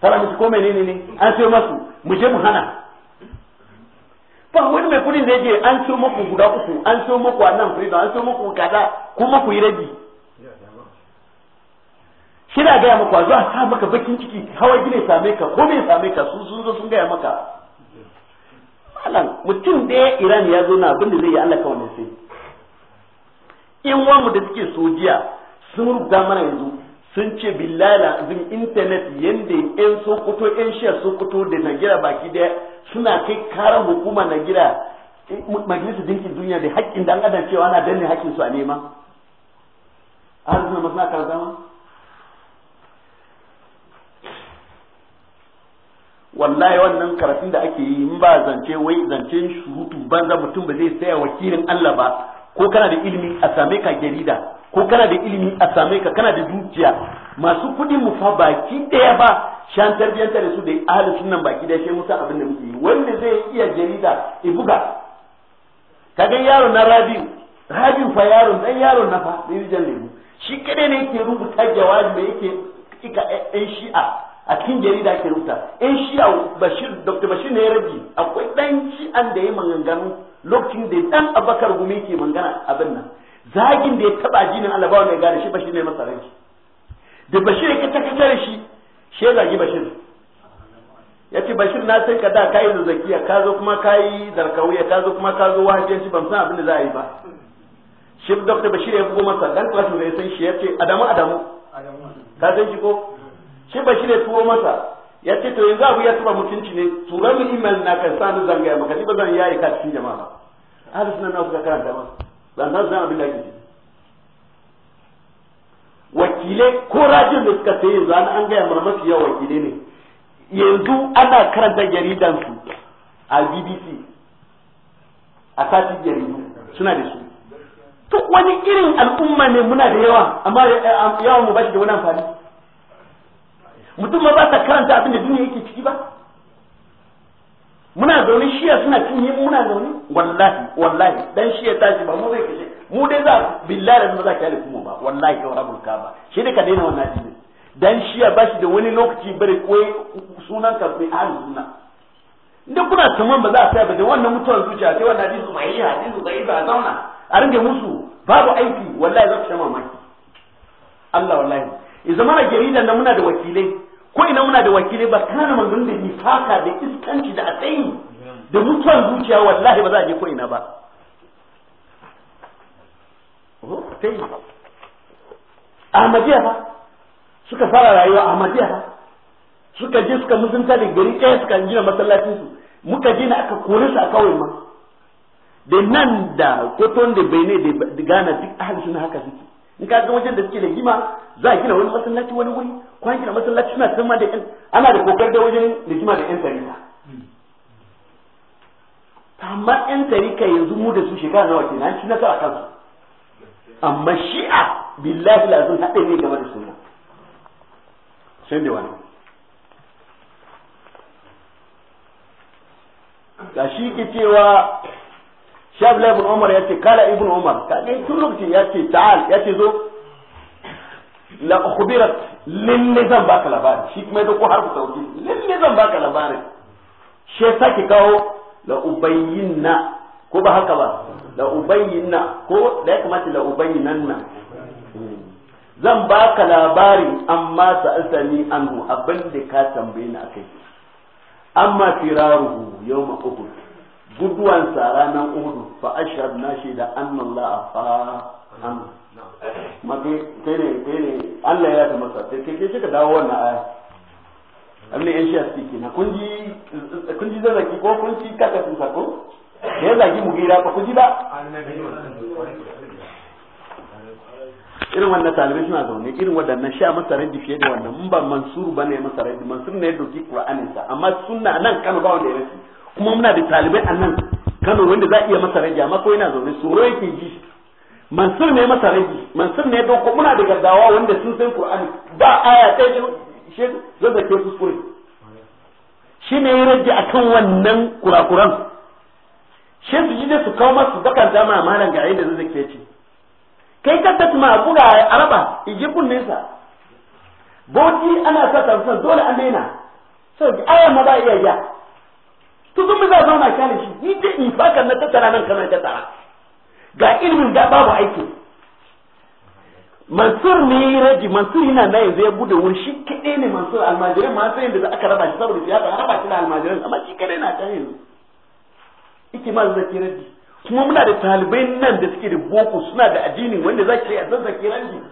farami ko menene ne an ciyo masu mu je mu hana ba wani mai kudin da yake an ciyo muku guda uku an ciyo muku a nan an ciyo muku kaza kuma ku yi rabi shi na gaya maka zuwa sa maka bakin ciki hawa gine same ka ko me same ka sun zo sun gaya maka alan mutum da iran ya zo na abin da zai yi allah kawai sai in wanmu da suke sojiya sun rubuta mana yanzu sun ce billahi zin internet yanda yan sokoto yan shiya sokoto da nagira baki daya suna kai karan hukuma nagira majalisar dinkin duniya da haƙƙin da an adam cewa ana danne haƙƙin su a nema a masu na karzama wallahi wannan karatun da ake yi in ba zance wai zancen shurutu banza mutum ba zai saya wakilin Allah ba ko kana da ilimi a same ka jarida ko kana da ilimi a same ka kana da dukiya masu kuɗi mu fa baki ɗaya ba shan tarbiyyanta da su da hali sunan baki ɗaya sai musa abin da muke yi wanda zai iya jarida i buga kaga yaro na rabiu rabiu fa yaro, dan yaro na fa da yujan shi kadai ne yake rubuta jawabi da yake ika ɗan shi'a a cikin jarida ke rubuta in shi bashir dr bashir ne ya rabi akwai dan shi an da ya maganganu lokacin da dan abakar gumi ke mangana abin nan zagin da ya taba jinin Allah ba mai gane shi bashir ne masa rai da bashir ya ta kace shi shi ya zagi bashir ya ce bashir na sai ka da yi zazzakiya ka zo kuma kayi darkawiya ka zo kuma ka zo shi ban san abin da za a yi ba shi dr bashir ya bugo masa dan kwatu ne san shi ya ce adamu adamu ka san shi ko shi ba shi ne turo masa ya ce to yanzu abu ya tuba mutunci ne tura min imel na kan zanga zangaya maka ni ba zan yayi ka cikin jama'a ba ahli sunna na suka karanta masa zan san zan abin da ake wakile ko rajin da suka sai yanzu an gaya mana mafi yawa wakile ne yanzu ana karanta jaridan su a BBC a sati jaridu suna da su to wani irin al'umma ne muna da yawa amma eh, eh, yawan mu ba shi da wani amfani mutum ma ba sa karanta abin da duniya yake ciki ba muna zaune shiya suna yi muna zaune wallahi wallahi dan shiya tashi ba mu zai kashe mu dai za billahi da za ka yi kuma ba wallahi ka k'a ba shi dai ka daina wannan cikin dan shiya ba shi da wani lokaci bare koyi sunan ka bai ahli sunna inda kuna tsaman ba za a tsaya ba da wannan mutuwar zuciya sai wannan hadisi ba yi hadisi su yi ba zauna a ringe musu babu aiki wallahi za ku shama maki Allah wallahi ya zama na jaridan da muna da wakilai ko ina muna da wakilai ba kana manzon da nifaka da iskanci da atsayi da mutuwan zuciya wallahi ba za a je ko ina ba sai Ahmadiyya ba suka fara rayuwa Ahmadiyya ba suka je suka musunta da gari ɗaya suka gina masallacin muka gina aka kore su a kawai ma da nan da koton da bai ne da gana duk ahli suna haka suke in ka ga wajen da suke da hima za a gina wani masallaci wani wuri ko an gina masallaci suna san da yan ana da kokar da wajen da hima da yan tarika amma yan tarika yanzu mu da su shekara nawa ke nan na sa kansu amma shi'a billahi lazun haɗe ne game da sunna sai da wannan ga shi ke cewa shi abdullahi ibn umar ya ce kala ibn umar ka ga tun lokacin ya ce ta'al ya ce zo la ukhbirat lalle zan baka labari shi kuma da ko har ku sauki lalle zan baka labari shi ya sake kawo la ubayyinna ko ba haka ba la ubayyinna ko da ya kamata la ubayyinanna zan baka labari amma sa'altani anhu abin da ka tambaye ni akai amma firaruhu yawma uhud guduwan sa ranar uhudu fa ashhadu na shaida anna Allah fa an ma kai kai ne kai ne Allah ya ta masa sai kai shi ka dawo wannan aya amma yan shiya suke na kun ji kun zaki ko kun ci kaka sun sako ya zagi mu gira ba ku ji ba irin wannan talibai suna zaune irin waɗannan sha masa radi fiye da wannan mun ba mansur ba ne masa radi mansur ne doki qur'anin sa amma suna nan kano ba wanda ya rasu kuma muna da talibai a nan Kano wanda za a iya masa rage amma ko yana zaune tsoro yake ji Mansur ne masa rage Mansur ne don ko muna da gaddawa wanda sun san Qur'ani ba aya ta ce shi zaka su kuskure shi ne ya rage akan wannan kurakuran shi su ji su kawo masu bakan zama malam ga yadda zai ke ci kai ka a buga araba iji nesa bauti ana sa dole an nena. sai aya ma ba iya ya to sun za zauna kyale shi ni dai in fakar na tattara nan kana tattara ga ilimin da babu aiki mansur ne ya raji mansur yana na yanzu ya bude wuri shi kaɗai ne mansur almajirin ma sai da aka raba shi saboda siyasa raba shi da almajirin amma shi kaɗai na ta yanzu ike ma zaki raji kuma muna da talibai nan da suke da boko suna da addini wanda za ki yi a zaki raji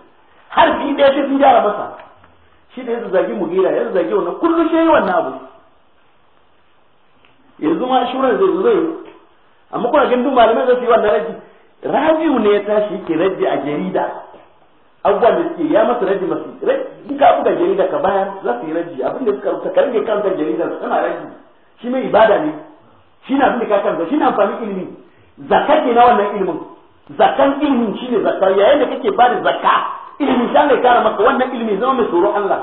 har fi ɗaya shi sun gyara masa shi da ya zagi mugira ya zagi wannan kullum shi yi wannan abu yanzu ma shuran zai zo zai amma kuna ganin malamai za su yi wannan raji rabiu ne ya tashi ke raji a jarida abubuwan da suke ya masa raji masu ka abu da jarida ka bayar za su yi raji abin da suka karfe kan kan jarida su kana raji shi mai ibada ne shi na abin da ka kansa shi na amfani ilimi zaka ke na wannan ilimin zakan ilimin shi ne zakar yayin da kake ba da zaka ilimin shi ne kara maka wannan ilimin zama mai tsoron Allah.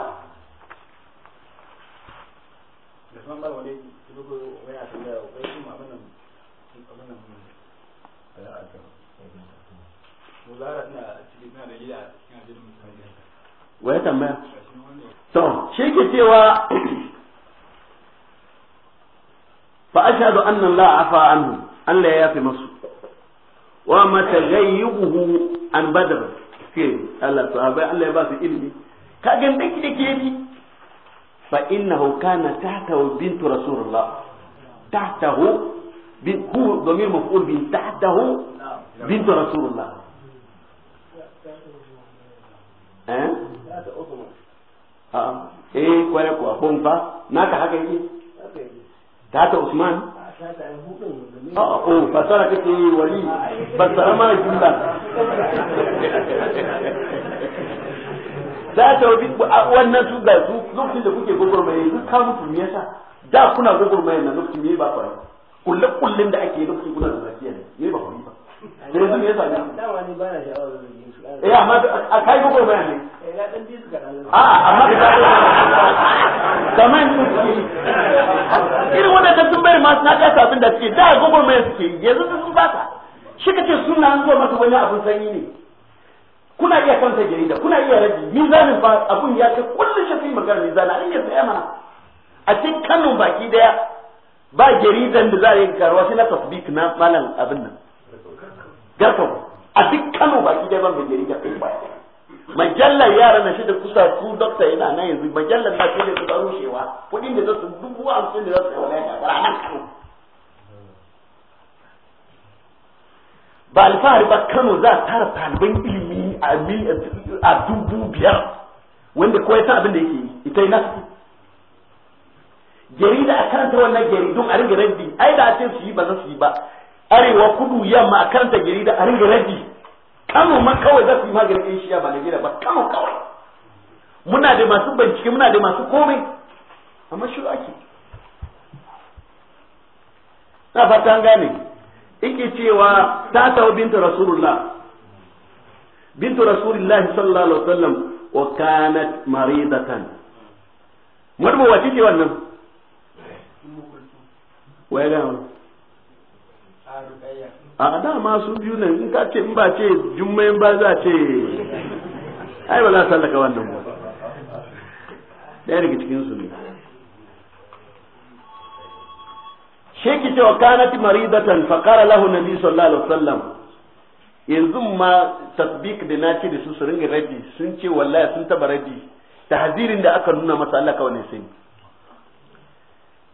waya tambaya to shi ke cewa fa ashhadu anna Allah afa anhu Allah ya yafi masu wa mataghayyuhu an badar ke Allah abai Allah ya ba su ilimi ka ga da ke ni fa innahu kana tahta bintu rasulullah تحته هو ضمير مفعول به تحته بنت رسول الله أه؟ أه. eh kware kuwa kun fa naka haka yake tata usman a'a o fasara kake wali fasara mana jumla tata wannan su ga su lokacin da kuke gogor mai duk kamun me yasa da kuna gugur mai na lokacin me ba kwari kulle kullun da ake lokacin kuna da lafiya ne me ba kwari ba da yanzu me yasa ne dawa ne ba na sha'awar eh amma a kai mai ne eh ya dan bi su ga Allah a amma kaman irin da sun bayar masu na kasa sabin da suke da gugur mai suke yanzu sun ba bata shi kace suna an zo masa wani abin sanyi ne kuna iya kanta jarida kuna iya rabi mizanin ba abun ya kai kullun shi kai magana mizana an yi tsaya mana a cikin Kano baki daya ba jaridan da za a yi karuwa sai na tasbik na malam abin nan garkau a cikin Kano baki daya ban da jarida kai ba majallar yara na shi da kusa su dokta yana nan yanzu majallar na ce da kusa rushewa kuɗin da zasu dubu hamsin da zasu yi wani a nan Kano ba alfahari ba Kano za a tara talibin ilimi a dubu biyar wanda kawai ta abin da yake yi ita yi nasu jarida a karanta wannan don a ringa raddi ai da ce su yi ba za su yi ba arewa kudu yamma a karanta jarida a ringa raddi kano ma kawai za su yi maganin ɗin shiya ba Najeriya ba kano kawai muna da masu bincike muna da masu komai amma shiru ake na fata an gane ike cewa ta tawo binta rasulullah binta rasulullah sallallahu alaihi wasallam wa kanat maridatan mutum wace ce wannan wai ga a su biyu ne in ka ce in ba ce jummai ba za ce ai ba za a sallaka wannan ba ɗaya daga cikin su ne sheki cewa kanat maridatan fa qala lahu nabi sallallahu alaihi wasallam yanzu ma tasbik da na ce da su su ringa rabi sun ce wallahi sun taba rabi tahzirin da aka nuna masa Allah kawai ne sai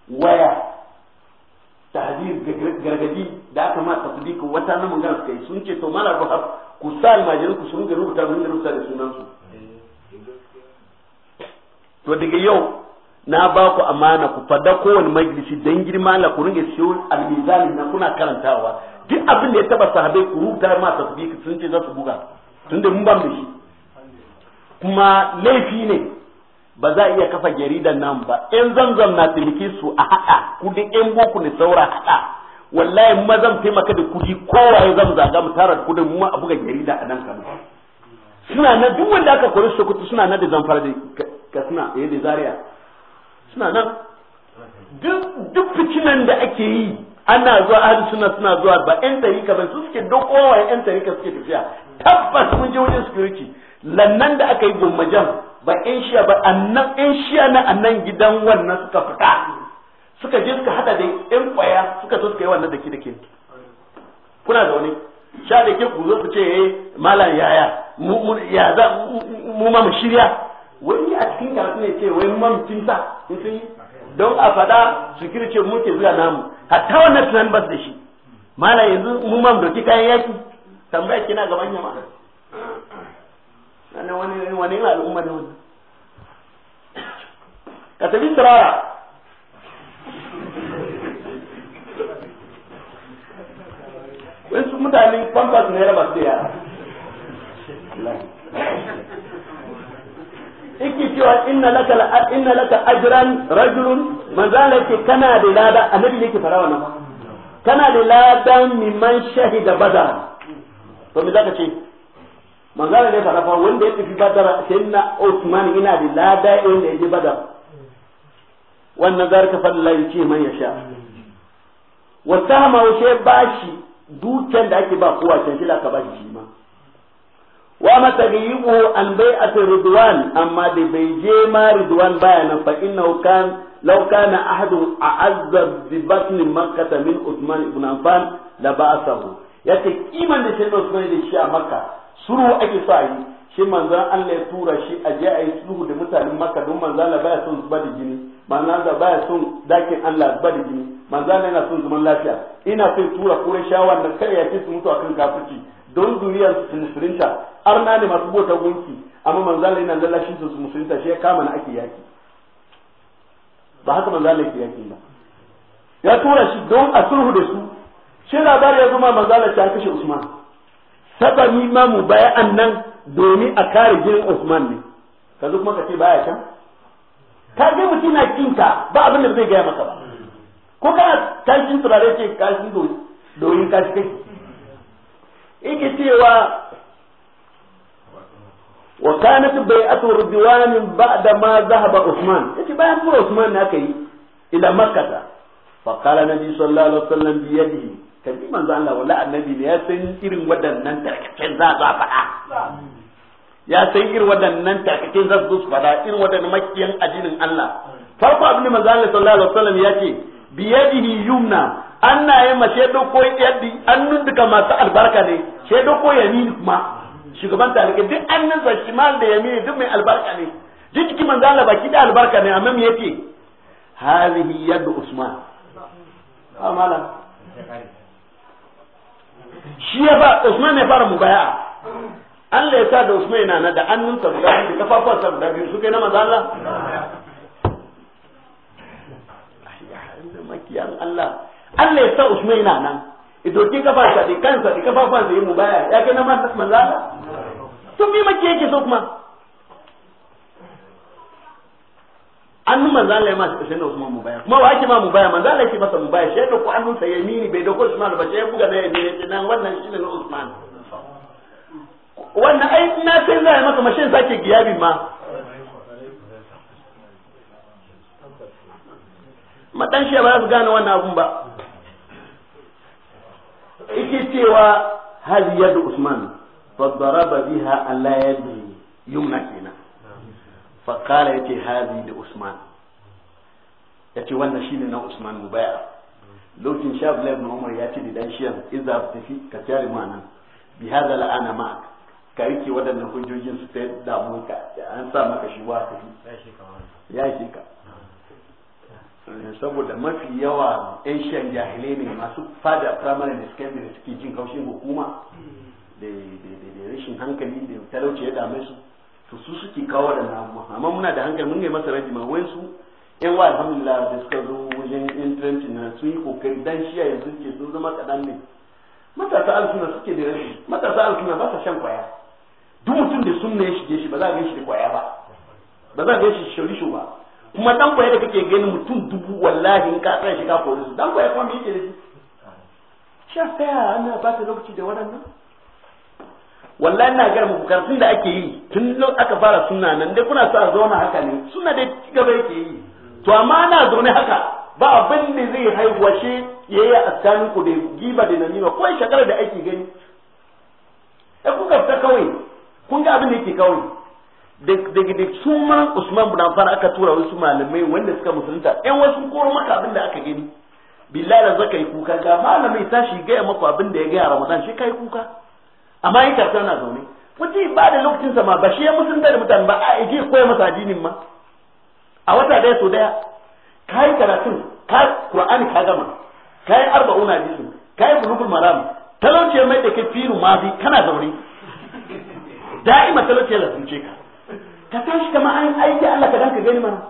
waya tahzir gargadi da aka ma tasdiq wata na mangana suka yi sun ce to mala ba ku sa almajirin ku sun garu ta mun rubuta da sunan su to daga yau na ba ku amana ku fada kowane majalisi dan girma la ku ringa siyo almizani na kuna karantawa duk abin da ya taba sahabai ku rubuta ma tasdiq sun ce za su buga tunda mun ban da shi kuma laifi ne ba za a iya kafa jaridan nan ba in zanzan na tilki su a haɗa kudi in boku ne saura haɗa wallahi ma zan taimaka da kudi kowa zan zaga ga mu tara kudin mu a buga jarida a nan kano suna na duk wanda aka kori sokoto suna na da fara da suna eh da zaria suna nan duk fitinan da ake yi ana zuwa ahli suna suna zuwa ba yan tarika ba su suke dokowa yan tarika suke tafiya tabbas mun je wajen security lannan da aka yi gummajan ba in shiya ba annan in shiya na annan gidan wannan suka fita suka je suka hada da in kwaya suka zo suka yi wannan da ke kuna da wani sha da ke ku zo su ce eh, malam yaya mu ya za mu ma mu shirya wani a cikin karatu ne ce wai mutum kinsa in sun yi don a faɗa su kirce muke zuwa namu hatta wannan tunan ba da shi malam yanzu mu ma mu doki kayan yaki tambaya kina gaban yamma wannan wani wani al'umma ne wani. ka tafi turara wasu mutane pampas ne raba su yara yake cewa inna laka inna laka ajran rajulun manzala yake kana da lada annabi yake fara wannan kana da lada mimman shahida bada. to me zaka ce manzara ne fara fa wanda ya tafi badar sai na Usman ina da lada inda ya badar wannan zarka falla yace man yasha wata wa shay bashi dukan da ake ba kowa can shi ka bashi shi ma wa mataghibu an bai'at ridwan amma da bai je ma ridwan baya nan fa inna kan law kana ahadu a'azza bi batn makkah min Uthman ibn Affan la ba'athahu yace kiman da shi Uthman da shi a Makka Suruhu ake so a yi shi manzan Allah ya tura shi a je a yi sulhu da mutanen Makka don manzan Allah baya son zuba da jini manzan Allah baya son dakin Allah zuba da jini manzan Allah yana son zaman lafiya ina son tura Qurayshawan da kai ya ce su mutu akan kafirci don duniyar su musulunta arna ne masu bota gunki amma manzan Allah yana lallashin su musulunta shi ya kama na ake yaki ba haka manzan Allah yake yaki ba ya tura shi don a sulhu da su shi labari ya zama manzan Allah ya kashe Usman saba mi ma mu bayan nan domin a kare jirin Usman ne ka zo kuma ka ce baya can ka ga mutum na kinka ba abin da zai gaya maka ba ko kana kashin turare ce kashin doyin kashi kai ki cewa wa kanat bai'atu ridwan ba'da ma zahaba Usman yace bayan tura Usman ne aka yi ila Makka fa qala nabi sallallahu alaihi wasallam bi yadihi kalli manzo Allah wala annabi ne ya san irin waɗannan tarkacen za su faɗa ya san irin waɗannan tarkacen za su faɗa irin waɗannan makiyan addinin Allah farko abin manzo Allah sallallahu alaihi wasallam ya ce biyadihi yumna anna ya mace doko yaddi annun duka masu albarka ne she doko yamin kuma shugaban talibai duk annun sa shimal da yamin duk mai albarka ne duk ki manzo Allah baki da albarka ne amma me yake hadhihi yadu usman amala ah, shi ya ba Usman ya fara mubaya'a Allah ya sa da Usman yana na da annunsa guda biyu da kafafuwansa guda biyu su kai na manzo Allah makiyan Allah Allah ya sa Usman yana nan idokin kafa sa da kansa da kafafuwansa yi mubaya ya kai na manzo Allah to me maki yake so kuma an manzo Allah ya ma shi na Usman mubaya kuma wa ake ma mubaya manzo Allah yake masa mubaya shi da ku an nuna yamini bai da Usman ba sai buga da yamini nan wannan shine na Usman wannan ai na sai za ya maka mashin sake giyabi ma matan shi ba za su gane wannan abun ba yake cewa hal yadu Usman fa daraba biha ala yadi yumna kenan fakala ya ce hali da usman ya ce wannan shine na usman mubaya lokacin sha bulai ibn umar ya ce da dan shiyan idza tafi ka tare mana bi hada la ana ma ka yake wadannan hujjojin su sai da ka an sa maka shi ba tafi ya shi ka saboda mafi yawa yan shiyan jahilai ne masu fada primary da da suke jin kaushin hukuma da rashin hankali da talauci ya dame su to su suke kawo da namu amma muna da hankali mun yi masa raji ma wai su yan wa alhamdulillah da suka zo wajen internet na sun yi kokari dan shiya yanzu ke sun zama kadan ne matasa alsuna suke da rashi matasa alsuna ba sa shan kwaya duk mutum da sunna ya shige shi ba za a gan da kwaya ba ba za a gan shi shorisho ba kuma dan kwaya da kake gani mutum dubu wallahi in ka tsaya shi ka kore su dan kwaya kuma me yake da shi sha tsaya ana ba ta lokaci da waɗannan wallahi ina ga muku tun da ake yi tun aka fara sunna nan dai kuna sa zauna haka ne sunna dai gaba yake yi to amma na zaune haka ba abin da zai haihuwa shi yayi a tsakanin ku da giba da nanima ko shakarar da ake gani eh kuka fita kawai kun ga abin da yake kawai da da suman Usman bin Affan aka tura wasu malamai wanda suka musulunta 'yan wasu koro maka abin da aka gani billahi da zaka yi kuka ga malamai tashi gaya maku abin da ya gaya Ramadan shi kai kuka amma yin karsa na zaune mutum ba da lokacinsa ma ba shi ya musulunta da mutane ba a ije koya masa addinin ma a wata daya so daya ka yi karatun ka qur'ani ka gama ka yi arba'una hadisin ka yi bulugul maram talauciyar mai da ke firu mazi kana zaune da'ima talauciyar lasunce ka ka tashi kama an aiki Allah ka danka gani mana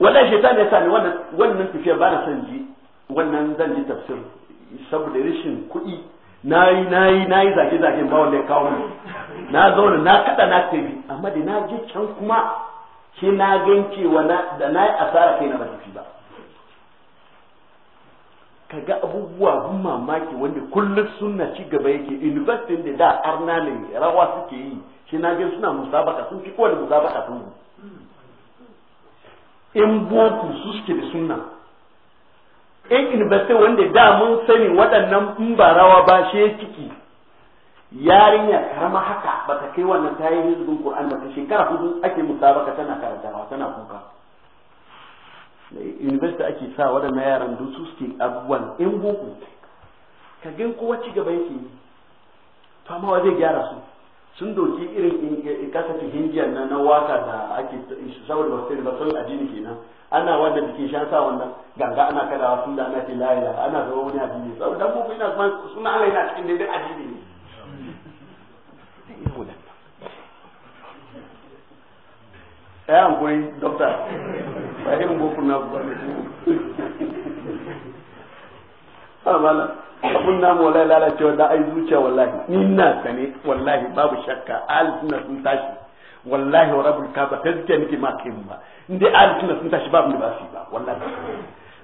wallahi shaitan ya sani wannan wannan tafiya ba na son ji wannan zan ji tafsirin saboda rashin kuɗi na yi na yi na yi zage zage ba wanda ya kawo mu na zauna na kada na tafi amma da na je can kuma shi na gan cewa da na yi asara kai na ba tafi ba kaga abubuwa gun mamaki wanda kullum suna ci gaba yake university da da arna ne rawa suke yi shi na gan suna musabaka sun fi kowane musabaka sun in boku su suke da sunna in investe wanda da mun sani waɗannan in ba rawa ba shi ciki yarinya karama haka ba ta kai wannan ta yi hizbin Qur'an ba ta shekara hudu ake musabaka tana karantawa tana kuka university ake sa waɗannan yaran duk su suke abubuwan in boko ka gan kowa ci gaba yake yi to amma wa zai gyara su sun doki irin kasafi hinjiyar nan na waka da ake saboda ba sai ba sun addini kenan ana wanda bikin shan sa wannan ganga ana kada sun da ana ce la ilaha ana zama wani addini saboda dan mu ina kuma suna Allah yana cikin daidai addini ne ya eh, an koyi dokta ba irin gofur na ba ne ba [laughs] ah, abun namu wallahi lalacewa da ai zuciya wallahi ni na sane wallahi babu shakka ahli sunna sun tashi wallahi wa rabbul kaaba ta zuciya nake ma kai ba inda ahli sunna sun tashi babu da ba su ba wallahi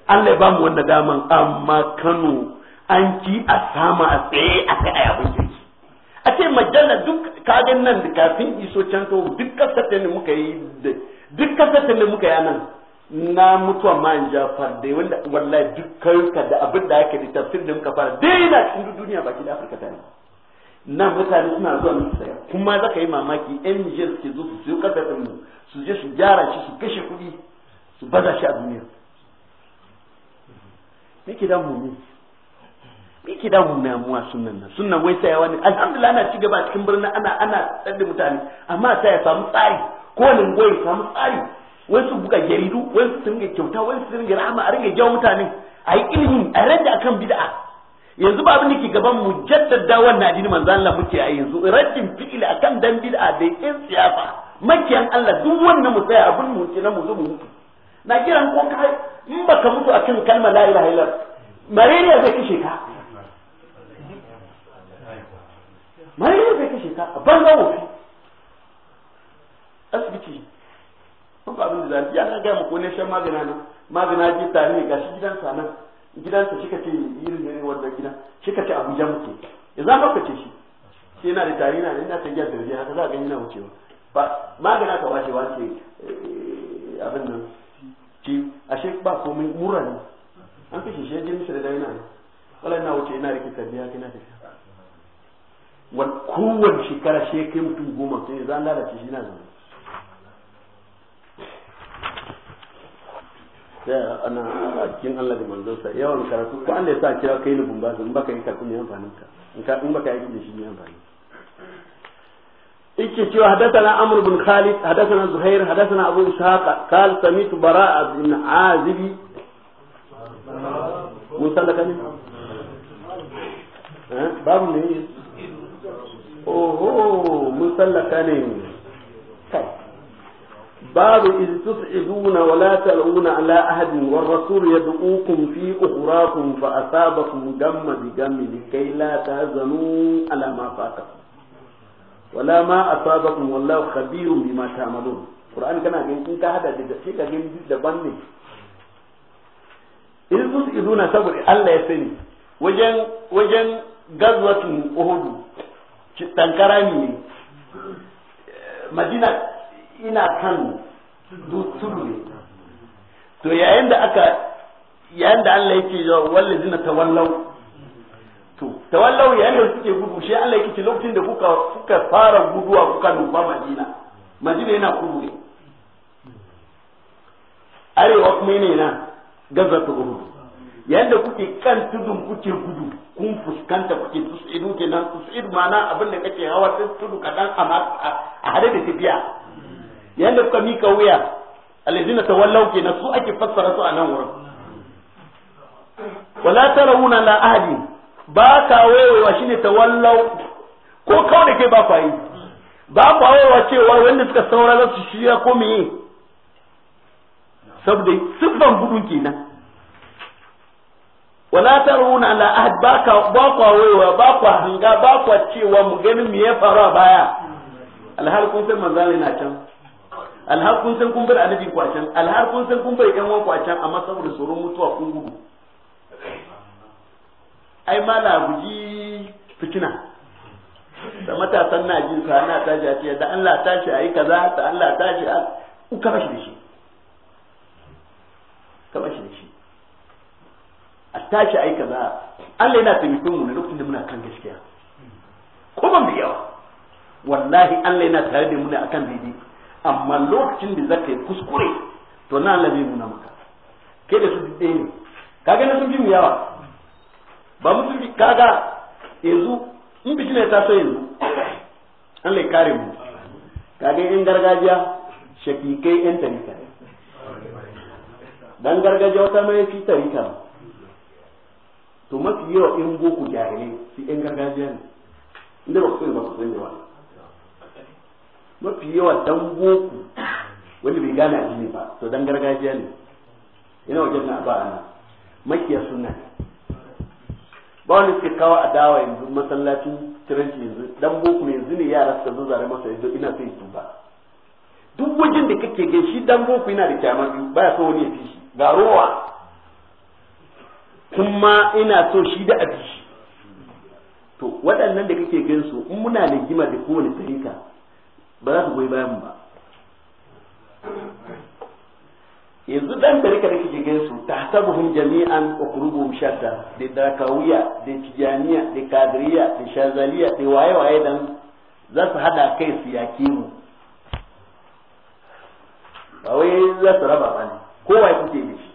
Allah ya bamu wannan daman amma Kano an ki a sama a tsaye a kai a yabon kirki a ce majalla duk kagen nan da kafin iso can to duk kasar ne muka yi duk kasar ne muka yi nan na mutuwa ma in ja farde wanda wallahi dukkanka da abin da ake da tafsir da muka fara daina cikin duniya baki da Afirka ta ne na mutane suna zuwa musu saya kuma za ka yi mamaki yan Niger suke zo su siyo kasafin mu su je su gyara shi su kashe kuɗi su baza shi a duniya me ke da mu me ke da mu a sunan nan sunan wai sai wani alhamdulillah ana ci gaba cikin birnin ana ana tsaddi mutane amma sai ya samu tsari ko ne goyi samu tsari wai su buga jaridu wai su ringa kyauta wai su ringa rahama a ringa jawo mutane a yi ilimi a radda akan bid'a yanzu ba abin da ke gaban mu jaddada wannan addini manzo Allah muke a yanzu raddin fi'il akan dan bid'a da yin siyasa makiyan Allah duk wannan mu tsaya abin mu ce na mu zo mu mutu na kiran ko ka in baka mutu akan kalmar la ilaha illallah malaria zai kashe ka malaria zai kashe ka ban ga asibiti sun abin da zafi ya ga gaya ko ne shan magana ne magana ji ta ne gashi gidansa nan gidansa sa ka ce irin ne wanda gida shi ce abuja muke ya za ka ce shi sai yana da tare na ina ta ga da haka za a gani yana wucewa ba magana ka washe wace eh, abin nan ci ashe ba komai mura ne an kashe shi ya jini shi da dai na ne wala na wuce ina rike tarbiya kina na tafiya wal kowace shekara shekai mutum goma sai zan lalace shi na zama sai ana a cikin Allah da manzonsa yawan karatu ko an da sa cewa kai ni bumbazu in baka yi karatu ne amfanin ka in ka in baka yi da shi ne amfani yake cewa hadathana amr bin khalid hadathana zuhair hadathana abu ishaq qal samitu bara'a bin azib mun san da kane eh, babu ne oho mun san da kane kai باب إذ تصعدون ولا تلعون على أحد والرسول يدعوكم في أخراكم فأصابكم جم بجم لكي لا تهزنوا على ما فاتكم ولا ما أصابكم والله خبير بما تعملون القرآن كان يقول إنت هذا شيء أجل جدا بني إذ تصعدون سبري ألا يسني وجن وجن غزوة أهود تنكراني مدينة ina kan tudu ne to yayin da aka yayin da Allah yake ya wallazina tawallau to tawallau yayin da suke gudu shi Allah yake lokacin da kuka kuka fara guduwa kuka nufa Madina Madina yana kudu ne arewa kuma ne na gaza ta gudu yayin da kuke kan tudun kuke gudu kun fuskanta kuke tusidu kenan tusidu mana abin da kake hawa tudu kadan a hare da tafiya yanda kuka mika wuya alladhina tawallaw ke su ake fassara su a nan wurin wala tarawuna la ahadi ba ka wayewa shine tawallaw ko kawai da ba kwayi ba ku wayewa cewa wanda suka saura za su shirya ko meye saboda siffan gudun kenan wala tarawuna la ahad ba ka ba kwa wayewa ba kwa hanga ba kwa cewa mu ganin me ya faru a baya alhal kun san na can alhar kun san kun bar annabi kwacan alhar kun san kun bar yan uwan kwacan amma saboda tsoron mutuwa kun gudu ai ma na guji fitina da matasan na jin sa ana tashi a ce da Allah shi ayi kaza da Allah shi a ku kama shi da shi kama shi da shi a tashi ayi kaza Allah yana taimakon mu ne lokacin da muna kan gaskiya ko ban da yawa wallahi Allah yana tare da mu ne akan daidai amma lokacin da zaka yi kuskure to na Allah mu na maka ke da su dide ne kaga na sun bi mu yawa ba mu sun kaga yanzu in biki ne ta so yanzu An lai kare mu kaga yan gargajiya shafikai yan tarika dan gargajiya wata mai fi tarika to mafi yawa in boko jahilai su yan gargajiya ne inda ba ku sani ba ku sani ba mafi yawa dan boku wanda bai gane addini ba to dan gargajiya ne yana wajen na ba ana makiya sunna ba wani suke kawo adawa yanzu masallacin tiranci yanzu dan boku yanzu ne yara suka zo zare masa yanzu ina sai ba duk wajen da kake gan shi dan boku yana da kyamar baya so wani ya fi shi ga rowa kuma ina so shi da a to waɗannan da kake gan su in muna gima da kowane tarika ba za su goyi bayan ba yanzu dan da rika rike jigin su ta sabuhun jami'an ukurubu shatta da dakawiya da tijaniya da kadiriya da shazaliya da waye-waye dan za su hada kai su yaki mu ba wai za su raba ba ne kowa ya kuke da shi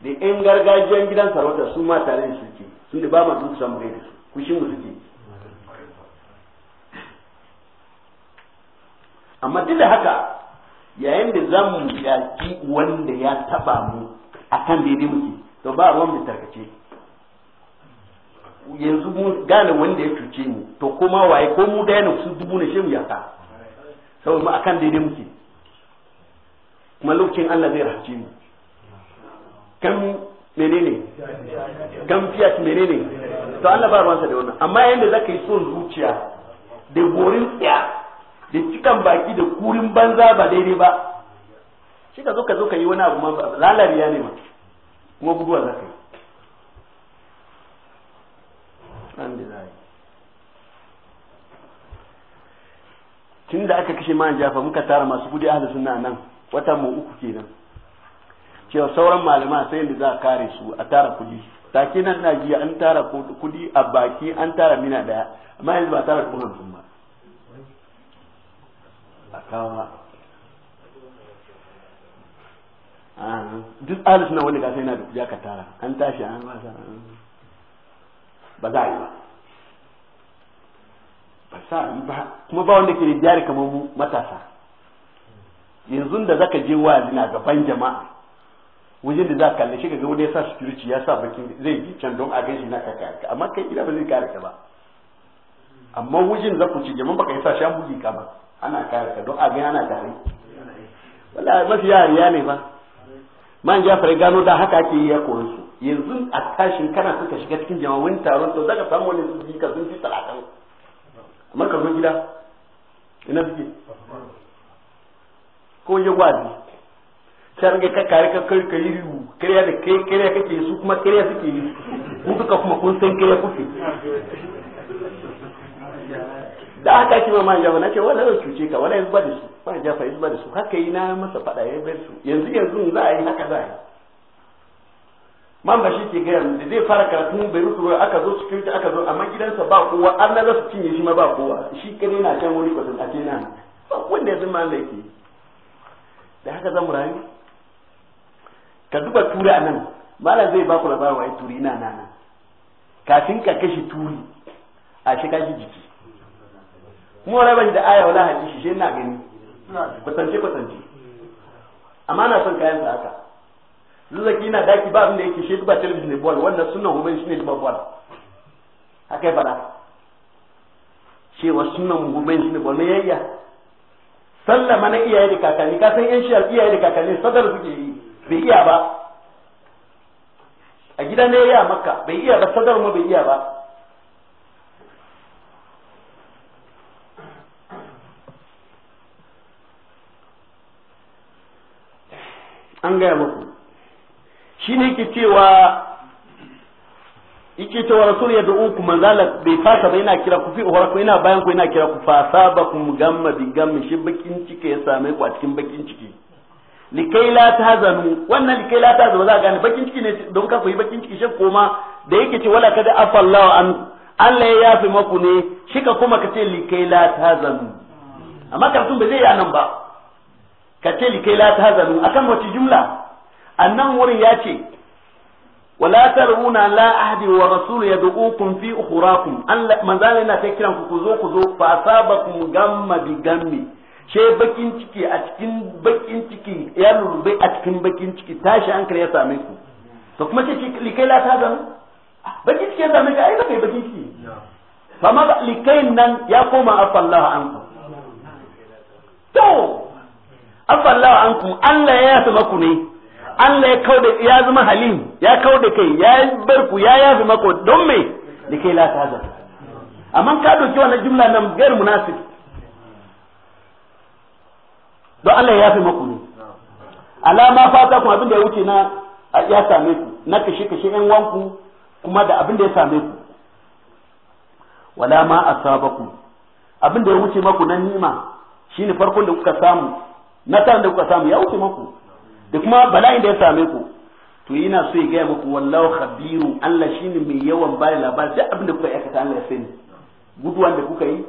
da yan gargajiyar gidan sarauta su ma tare da suke sun da ba ma duk samu da su kushin mu suke amma duk da haka yayin da za mu yaki wanda ya taba mu a kan daidai muke to ba ruwan da tarkace yanzu mun gane wanda ya cuce ni to kuma waye ko mu da yana su dubu ne shi mu yaka saboda mu akan daidai muke kuma lokacin Allah zai rahace mu kan menene kan fiyat menene to Allah ba ruwansa da wannan amma yayin da zaka yi son zuciya da gorin da cikan baki da kurin banza ba daidai ba shi ka zo ka zo ka yi wani abu ma lalariya ne ma kuma buguwa za ka yi tun da aka kashe man jafa muka tara masu gudu ahli sunna nan wata mu uku kenan cewa sauran malama sai yadda za a kare su a tara kudi take nan na jiya an tara kudi a baki an tara mina daya amma yanzu ba tara dubu hamsin ba a kawo duk ahli suna wanda gasa yana da kuja ka tara an tashi an masa ba za a yi ba ba sa yi ba kuma ba wanda ke da jari kamar mu matasa yanzu da za ka je wazi na gaban jama'a wajen da za ka kalle shi ga wani ya sa security ya sa bakin zai yi can don a gaishe na kaka amma kai gida ba zai kare ka ba amma wajen da za ku ci jama'a baka yi sa shi an bugi ka ba ana kare ka don abin ana tare wala mafi yariya ne ba man jafar gano da haka ake yi ya koyi su yanzu a tashin kana suka shiga cikin jama'a wani taron to zaka samu wani su ka sun fi talatin amma ka zo gida ina suke ko ya gwazi sai ga ka kare ka kai kai riwu kariya da kai kariya kake su kuma kariya suke yi ku duka kuma kun san kariya kuke da aka ci ma man na nace wala zan cuce ka wala yanzu ba da su ya fa yanzu ba da su haka yi na masa fada ya bar su yanzu yanzu za a yi haka za a yi man ba shi ke gaya da zai fara karatun bai rusu ruwa aka zo security aka zo amma gidansa ba kowa an na za su cinye shi ma ba kowa shi kare na can wani kwasan a ce na ba wanda ya zama laifi da haka zamu rayu ka duba tura a nan mala zai ba ku labarin wai turi na nana kafin ka kashe turi a shi kashi jiki mu raban da aya wala hadisi shi ina gani kwatance kwatance amma na son kayan sa haka zazzaki na daki ba abinda yake shi ba television ball wannan sunan hubai shine ba ball haka yi fada cewa sunan hubai shine bol ne yayya sallama na iyaye da kakanni ka san yan shiyar iyaye da kakanni sadar suke yi bai iya ba a gida ne ya makka bai iya ba sadar mu bai iya ba an gaya muku shi ne ke cewa yake cewa rasul ya da'u ku manzala bai fasa bai yana kira ku fi uhura ku yana bayan ku yana kira ku fasa ba ku gamma bi gamma shi bakin ciki ya same ku a cikin bakin ciki likai la tahzanu wannan likai la tahzanu za gane bakin ciki ne don ka ku yi bakin ciki shi koma da yake ce wala kada afallahu an Allah ya yafi maku ne shi ka kuma ka ce likai la tahzanu amma karatun ba zai yi nan ba ka ce likai la a kan wace jumla annan wurin ya ce wala taruna la ahdi wa da ukun fi ukurakun Allah manzala yana ta kiran ku zo ku zo fa ku gamma bi gamme she bakin ciki a cikin bakin ciki ya lurbe a cikin bakin ciki tashi hankali ya same ku to kuma ce likai la zanu ah, bakin ciki ya same ka ai ba kai bakin ciki fa ma likai nan ya koma an ku to an ku Allah ya yafi maku ne Allah ya kauda ya zama halim ya kauda kai ya bar ku ya yafi maku don me likai la ta amma ka doki wannan jumla nan gair munasib don Allah ya yafi maku ne alama fata kuma abin da ya wuce na ya same ku na kashe kashe yan wanku kuma da abin da ya same ku wala ma asabaku abin da ya wuce maku na nima shine farkon da kuka samu nasarar da kuka samu ya wuce muku da kuma bala'in da ya same ku to yana so ya gaya muku wallahu khabiru Allah shine mai yawan bada labari da abin da kuka aikata Allah ya sani guduwan da kuka yi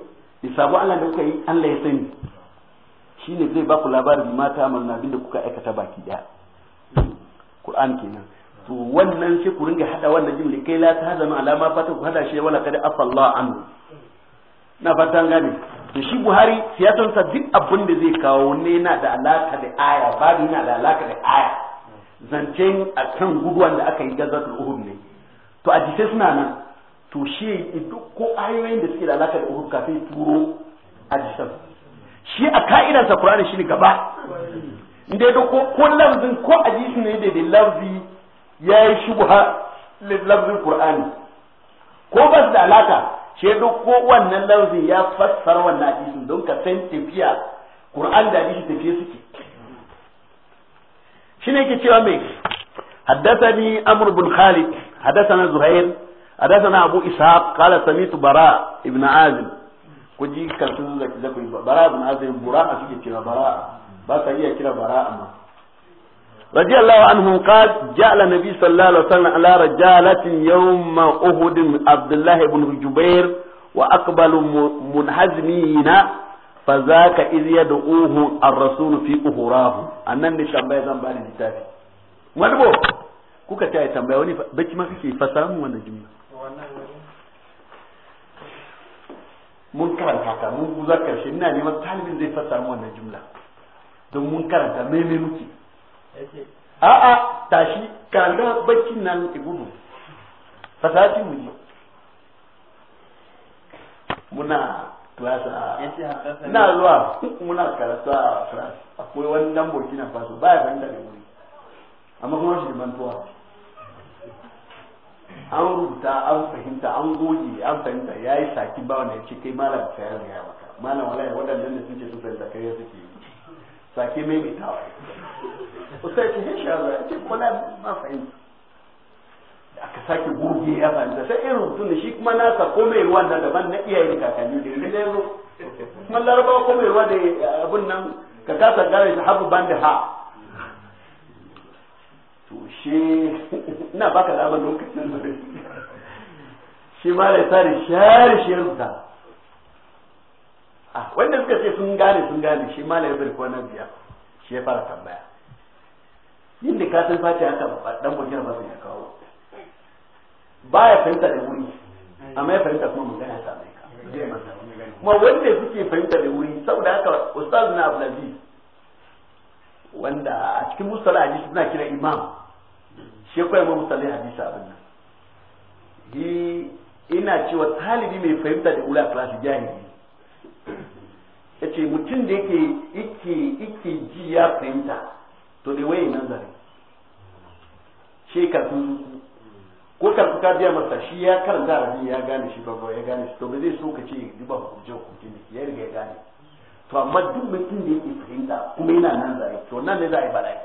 da sabo Allah da kuka yi Allah ya sani shine zai ba ku labari bi mata amalna abin da kuka aikata baki daya Qur'an kenan to wannan sai ku ringa hada wannan jimli kai la ta hazanu alama fata ku hada shi wala kada afallahu anhu na fatan gane to shi buhari siyasansa duk abin da zai kawo ne yana da alaka da aya ba ni yana da alaka da aya zancen a kan guduwan da aka yi gazatul uhud ne to a jisai suna nan to shi duk ko ayoyin da suke da alaka da uhud kafin turo a jisai shi a ka'idansa qur'ani shine gaba inda ya ko ko lafzin ko a jisai ne da lafzi yayi shubha lafzin qur'ani ko ba da alaka ke duk ko wannan lafzin ya fassar wannan hadisin don ka san tafiya Qur'an da hadisi tafiye suke shine yake cewa mai haddathani Amr ibn Khalid haddathana Zuhair haddathana Abu Ishaq qala sami'tu Bara ibn Azim ku ji kalmun da kuke Bara ibn Azim Bara a suke cewa Bara ba ta yi kira Bara amma رضي الله عنهم قال جاء النبي صلى الله عليه وسلم على رجالة يوم أهد عبد الله بن الجبير وأقبل منهزمين فذاك إذ يدعوه الرسول في أهراه أنن نشبه زنبال الجتافي wadbo kuka ta yi tambaya wani baki ma kake fasara mu jumla mun karanta ta mun guza karshe ina neman talibin zai fasara mu jumla don mun karanta me me muke a'a tashi kanda bakin nan ki fasati mu ne muna tuwasa na zuwa [laughs] muna karatu a france akwai wani dan burkina faso ba ya fahimta da wuri amma kuma shi tuwa an rubuta an fahimta an goge an fahimta ya yi saki ba wanda ya ce kai malam sayar da ya maka malam wala waɗannan da sun ce sun fahimta kai ya suke yi sake mai tawaye. ustaz ce insha Allah ce kuma na ba fahimta da aka sake goge ya fahimta sai irin mutum shi kuma na sa komai ruwan na daban na iyayen kakanni da yanzu da yanzu kuma Laraba komai ruwa da abun nan ka kasa gane shi habu ban ha to shi ina baka da abin lokacin da shi ma da tsari share shi rubuta ah, wanda suka ce sun gane sun gane shi ma da ya bari na biya shi ya fara tambaya yadda ka san face haka dan ba faso ya kawo ba ya fahimta da wuri amma ya fahimta kuma magana ta mai kuma wanda suke fahimta da wuri saboda haka ustaz na abdulaziz wanda a cikin musala hadisi suna kira imam shi kuma imam musala hadisi abin nan yi ina cewa talibi mai fahimta da wuri a klasi jahili ce mutum da yake yake yake ji ya fahimta to da nan nazari shi karfin zuku ko karfi ka biya masa shi ya karanta arabi ya gane shi babba ya gane shi to ba zai so ka ce duba hukunce hukunce ne ya riga ya gane to amma duk mutum da yake fahimta kuma yana nan zare to nan ne za a yi bala'i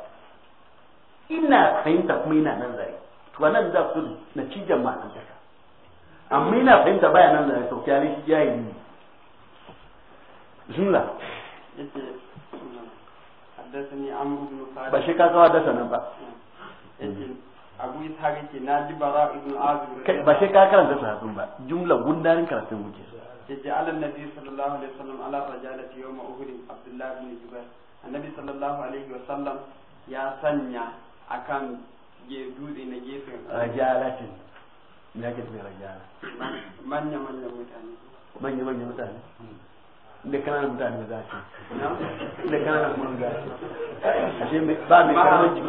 ina fahimta kuma yana nan zare to nan za su na cijan nan daga amma ina fahimta baya nan zare to kyale shi jahili jumla حدثني عمرو بن abu na ji bara ibn azib ba sai ka karanta sahabin ba jumla gundarin karatun muke yace alan nabi sallallahu alaihi wasallam ala rajalati yawm uhud abdullah ibn jubair annabi sallallahu alaihi wasallam ya sanya akan ge dutse na gefen rajalatin me yake tsaye rajala manya manya mutane manya manya mutane da kananan mutane za su da kananan kuma su ashe ba mai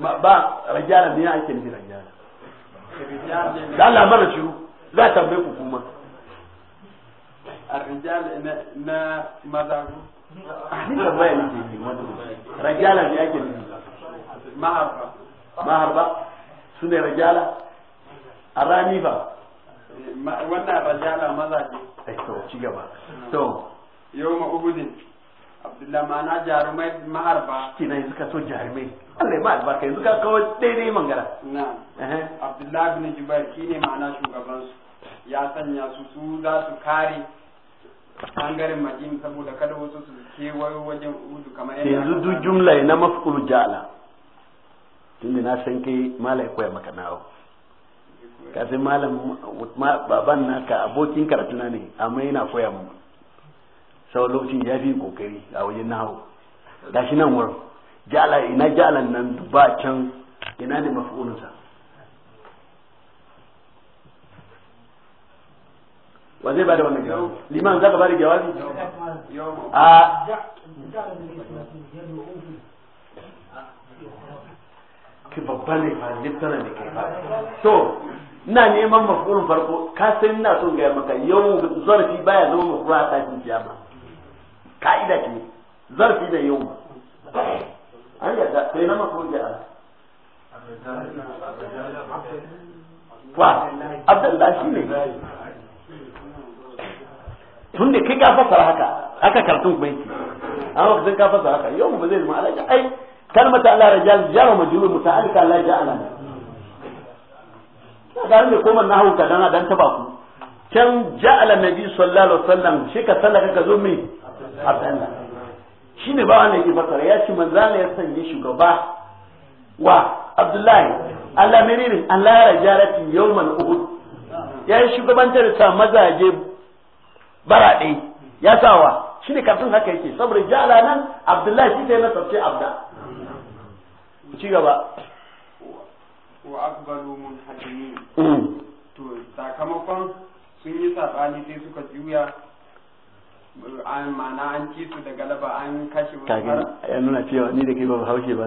ba ba rajala ne ake nufi rajala da Allah shiru za ta ku kuma wannan rajala maza ce eh, to ci gaba to yau ma ubudin abdullah ma'ana jarumai maharba ki kina yanzu ka so jarumai Allah ya ba albarka yanzu ka kawo daidai mangara na abdullah bin jubair shine ma'ana shugaban su ya sanya su su za su kare bangaren majin saboda kada wasu su kewayo wajen udu kamar yadda yanzu duk jumla na maf'ul jala tunda na san kai malai koya maka nawo kafin malam baban naka abokin karatuna ne amma yana koya mu sau lokacin ya fi kokari a wajen ga shi nan wuri jala ina jalan nan ba can ina ne mafi'ulinsa wa zai bada wannan jawabi liman zaka bada jawabi a ki babba ne fa liftana ne kai ba to ina neman mafulun farko ka san ina so gaya maka yau zarfi baya zama mafulun a tashin kiyama ka'ida ce zarfi da yau an yarda sai na mafulun da wa shi ne tun da kai ka fasara haka aka kartun kuma yake amma ka ka fasara haka yau ba zai zama alaja ai kalmata Allah rajal jara majrur muta'allika la ja'ala garin da koma na hauka dan dan taba ku can ja'ala nabi sallallahu alaihi wasallam shi ka sallaka ka zo mai abdallah shine ba wanda yake fasara ya ce manza Allah ya sanya shugaba wa abdullahi Allah menene Allah rajarati yawman uhud ya yi shugabantar sa mazaje baraɗe ya sawa shi ne kafin haka yake saboda ja'ala nan abdullahi shi yi na tafsir abda ci gaba wa aqbalu munhajimin to sakamakon sun yi sabani sai suka juya ma'ana an ci su da galaba an kashe wani ya nuna cewa ni da kai ba haushe ba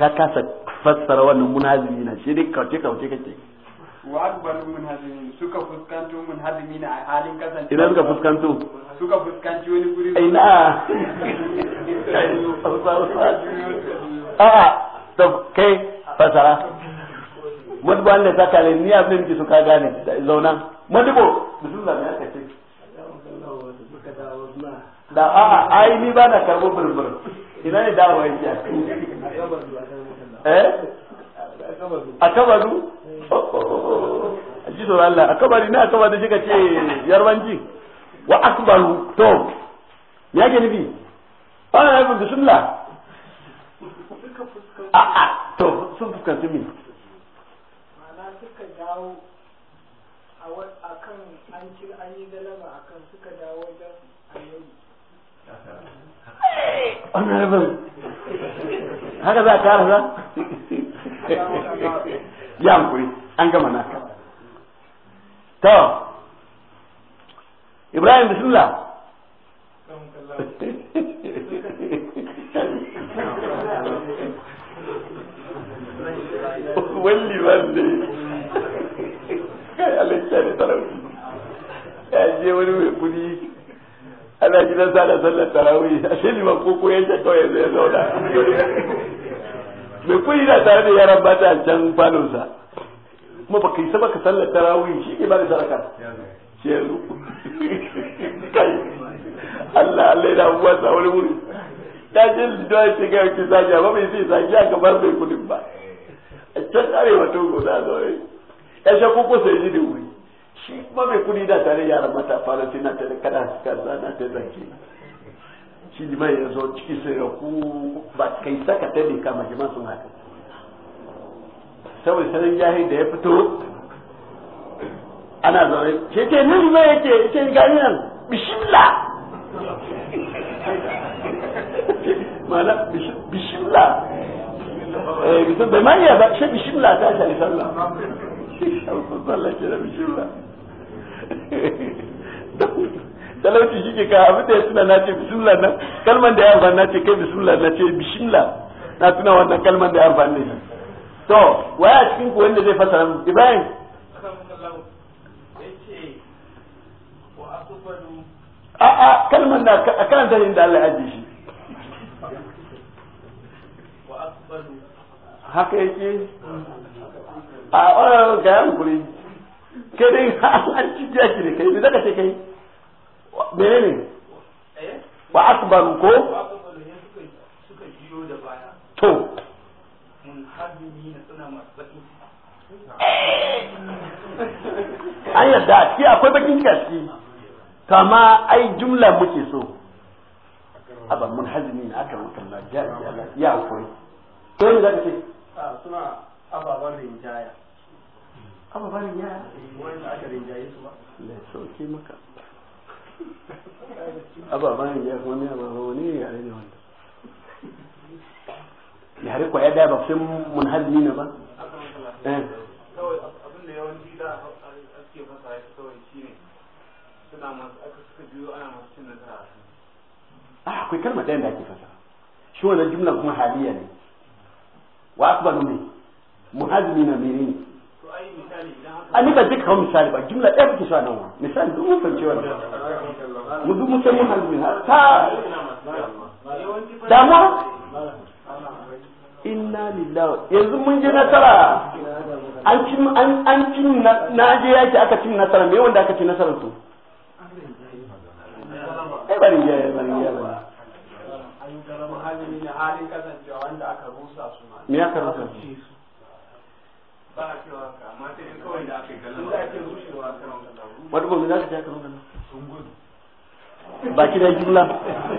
ka kasa fassara wannan munhazimi na shi dai kauce kauce kake wa akbar munhazimin suka fuskanto munhazimin a halin kasance idan suka fuskanto suka fuskanci wani guri ai na a'a to kai fasara madibo Allah ya saka ni abin da muke ka gane zauna madibo bismillah me aka ce da a ai ni ba na karbo burbur ina ne dawo yake eh a kabaru a ji tsoron Allah a kabari na kabar da shiga ce yarbanci wa akbaru to ya ke nufi ana nufin a a to sun fuskanci mi dawo a kan an ci an yi galaba a kan suka dawo wajen annabi wannan rabin haka za a tara za ya hankuri an gama naka to ibrahim bismillah [laughs] walli walli kai Allah tarawih ya je wani mai kudi ana da sallar tarawih a koko ya ce zai zauna na tare da yaran a can falonsa sallar tarawih shi ke ba da saraka kai Allah Allah ya wani wuri ya ce ya ce ga yake zagi ba mai sai zagi a gabar mai kudin ba a can arewa togo za a ƙashe koko sai yi da wuri shi kuma mai kudi da tare yara mata fara sai na tare kada kaza na tare zaki shi liman mai yanzu ciki sai ya ku ba kai saka ta ne kama jima sun haka saboda sanin jahil da ya fito ana zaune ke ce ni liman yake ke gani nan bishimla mana bishimla eh bisa bai manya ba shi bishimla ta shi sallah Allah ke da bishirwa talauci shi ke ka abin da ya tuna na ce bismillah nan kalman da ya amfani na ce kai bismillah na ce bismillah na tuna wannan kalman da ya amfani ne to waya cikin ku wanda zai fasara mu ibrahim a a kalman da a kan zarin da Allah ya ajiye shi haka yake a ƙwararren ka yan kuri Ke dai an ci jiya ki kai me daga kai mene ne eh? wa akbaru ko to eh! an yadda a akwai bakin ciki kama ai jumla muke so aban mun hazmi na aka mutum na ya akwai to ne ce ah, ababen rinjaya ababen rinjaya wani da aka rinjaye su ba da sauki maka ababen rinjaya kuma ne ababen wani yare ne wanda ya yare kwaya daya ba mun munhalli ne ba eh. kawai abinda yawanci da ake fasa ya kawai shi ne suna masu aka suka biyo ana masu cin nasara a ah, akwai kalmar ɗayan da ake fasa shi wannan jumlan kuma haliya ne wa akbar ne muhazmi na mene ne a ni duk kawo misali ba jumla ɗaya kuke sa nan wa misali duk mun fahimci wannan mu duk mun san muhazmi ha ta damuwa inna lillahi yanzu mun ji nasara an cin an an cin na je yaki aka cin nasara me wanda aka cin nasara to ai bari ya bari ya bari an garama halin halin kasancewa wanda aka rusa su ma me aka rusa su wadda ba za ka ja kamar ba ki da jumla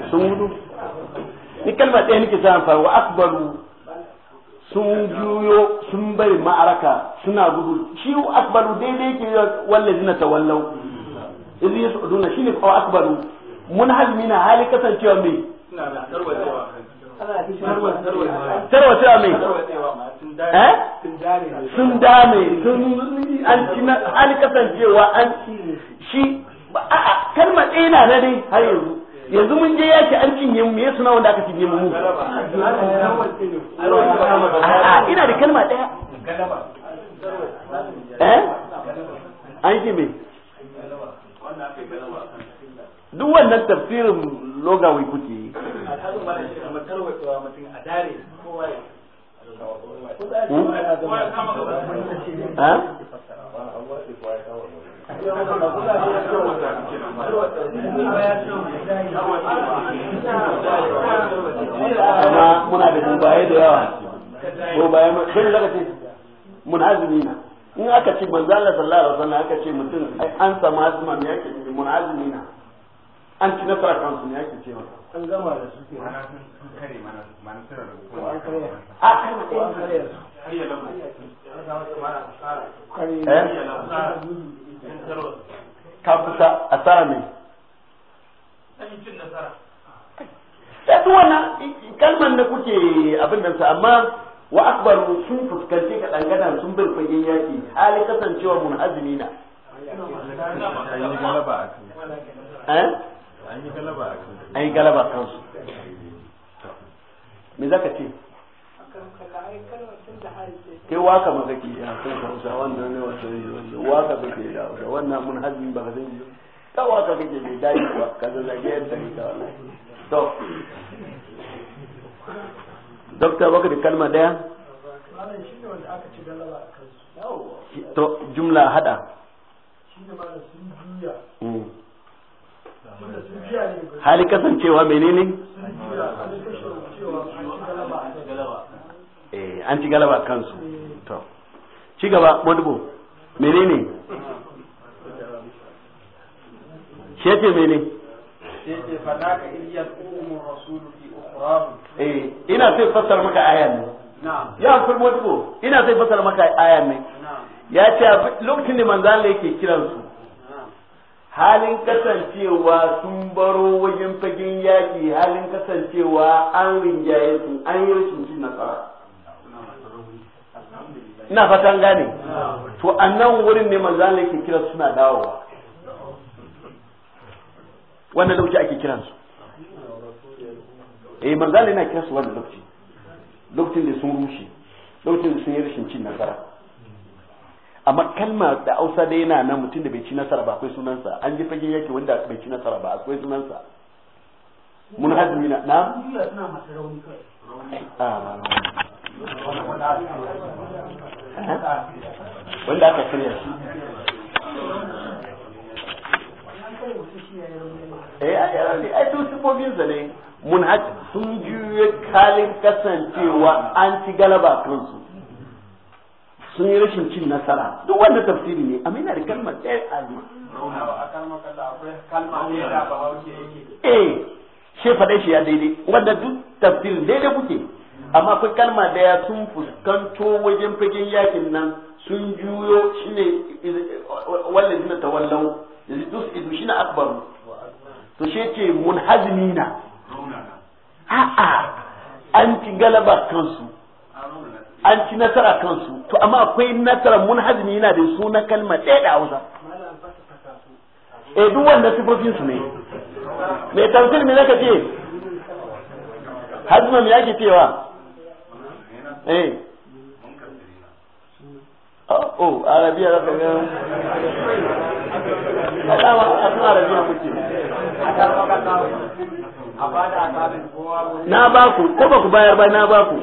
sun gudu ni kalma ɗaya nake sa amfani wa akbaru sun juyo sun bai ma'araka suna gudu shi akbaru daidai ke yake wallazina tawallau idan yasu duna shine ko akbaru mun halmi na hali kasancewa mai tarwata mai eh? sun dame sun an kasancewa an shi a'a kalma ɗaya na dai har yanzu yanzu mun je yaki an cinye mu yesu na wanda aka cinye mu mu a'a ina da kalma ɗaya eh an ji me duk wannan tafsirin logawai kuke dare kowa ya muna da dubaye da yawa ko sun na in aka ce manzo Allah sallallahu alaihi wasallam aka ce mutum an yake na an ci nasara kansu yake ce masa an gama da su ke da a kare su kare kuke abin nan sa amma wa akbar sun fuskanci ka dangana sun bar fagen yaki hali kasancewa munhazimina eh an yi galaba a kansu me za ka ce ke waka maka ke ya kan hausa wannan ne wata ne waka ba ke da hausa wannan mun hajji ba ka zai yi ta waka ba ke bai dadi kuwa ka zai zazzage yadda ne ta wani to dokta baka da kalma daya to jumla hada shi ne ba da sun juya mm. hali kasancewa menene eh, an ci galaba kansu to ci gaba modibo menene shi yake mene eh, ina sai fassara maka ayan ne ya fur modibo ina sai fassara maka ayan ne ya ce lokacin da Allah yake kiransu halin kasancewa sun baro wajen fagen yaki halin kasancewa an rinjaye su an yi rashin cin nasara ina fatan gane to a nan wurin ne manzo Allah ke kira suna dawowa wannan lokaci ake kiran su eh manzo Allah yana kira su wannan lokaci lokacin da sun rushe lokacin da sun yi rashin cin nasara amma kalmar da Hausa da yana nan mutum da bai ci nasara ba akwai sunansa an ji fage yake wanda bai ci nasara ba akwai sunansa mun hazmi na na ah, wanda aka shirya shi eh a ai su sifofin sa ne mun sun juye kalin kasancewa an ci galaba kansu sun yi rashin cin nasara duk wanda tafsiri ne a yana da kalmar ɗaya azuma eh shi faɗe shi ya daidai wanda duk tafsirin daidai kuke amma akwai kalma daya sun fuskanto wajen fagen yakin nan sun juyo shine wanda zina wallon da zitus idu na akbaru to shi ce mun munhazmina a'a an ci galaba kansu an ci nasara kansu to amma akwai nasara mun hazmi yana da sunan kalma ɗaya da hausa eh duk wanda sifofin su ne me tafsir me zaka ce hazman ya ke cewa eh oh, oh arabiya zaka ga alama akan arabiya muke na ba ku ko ba ku bayar ba na ba ku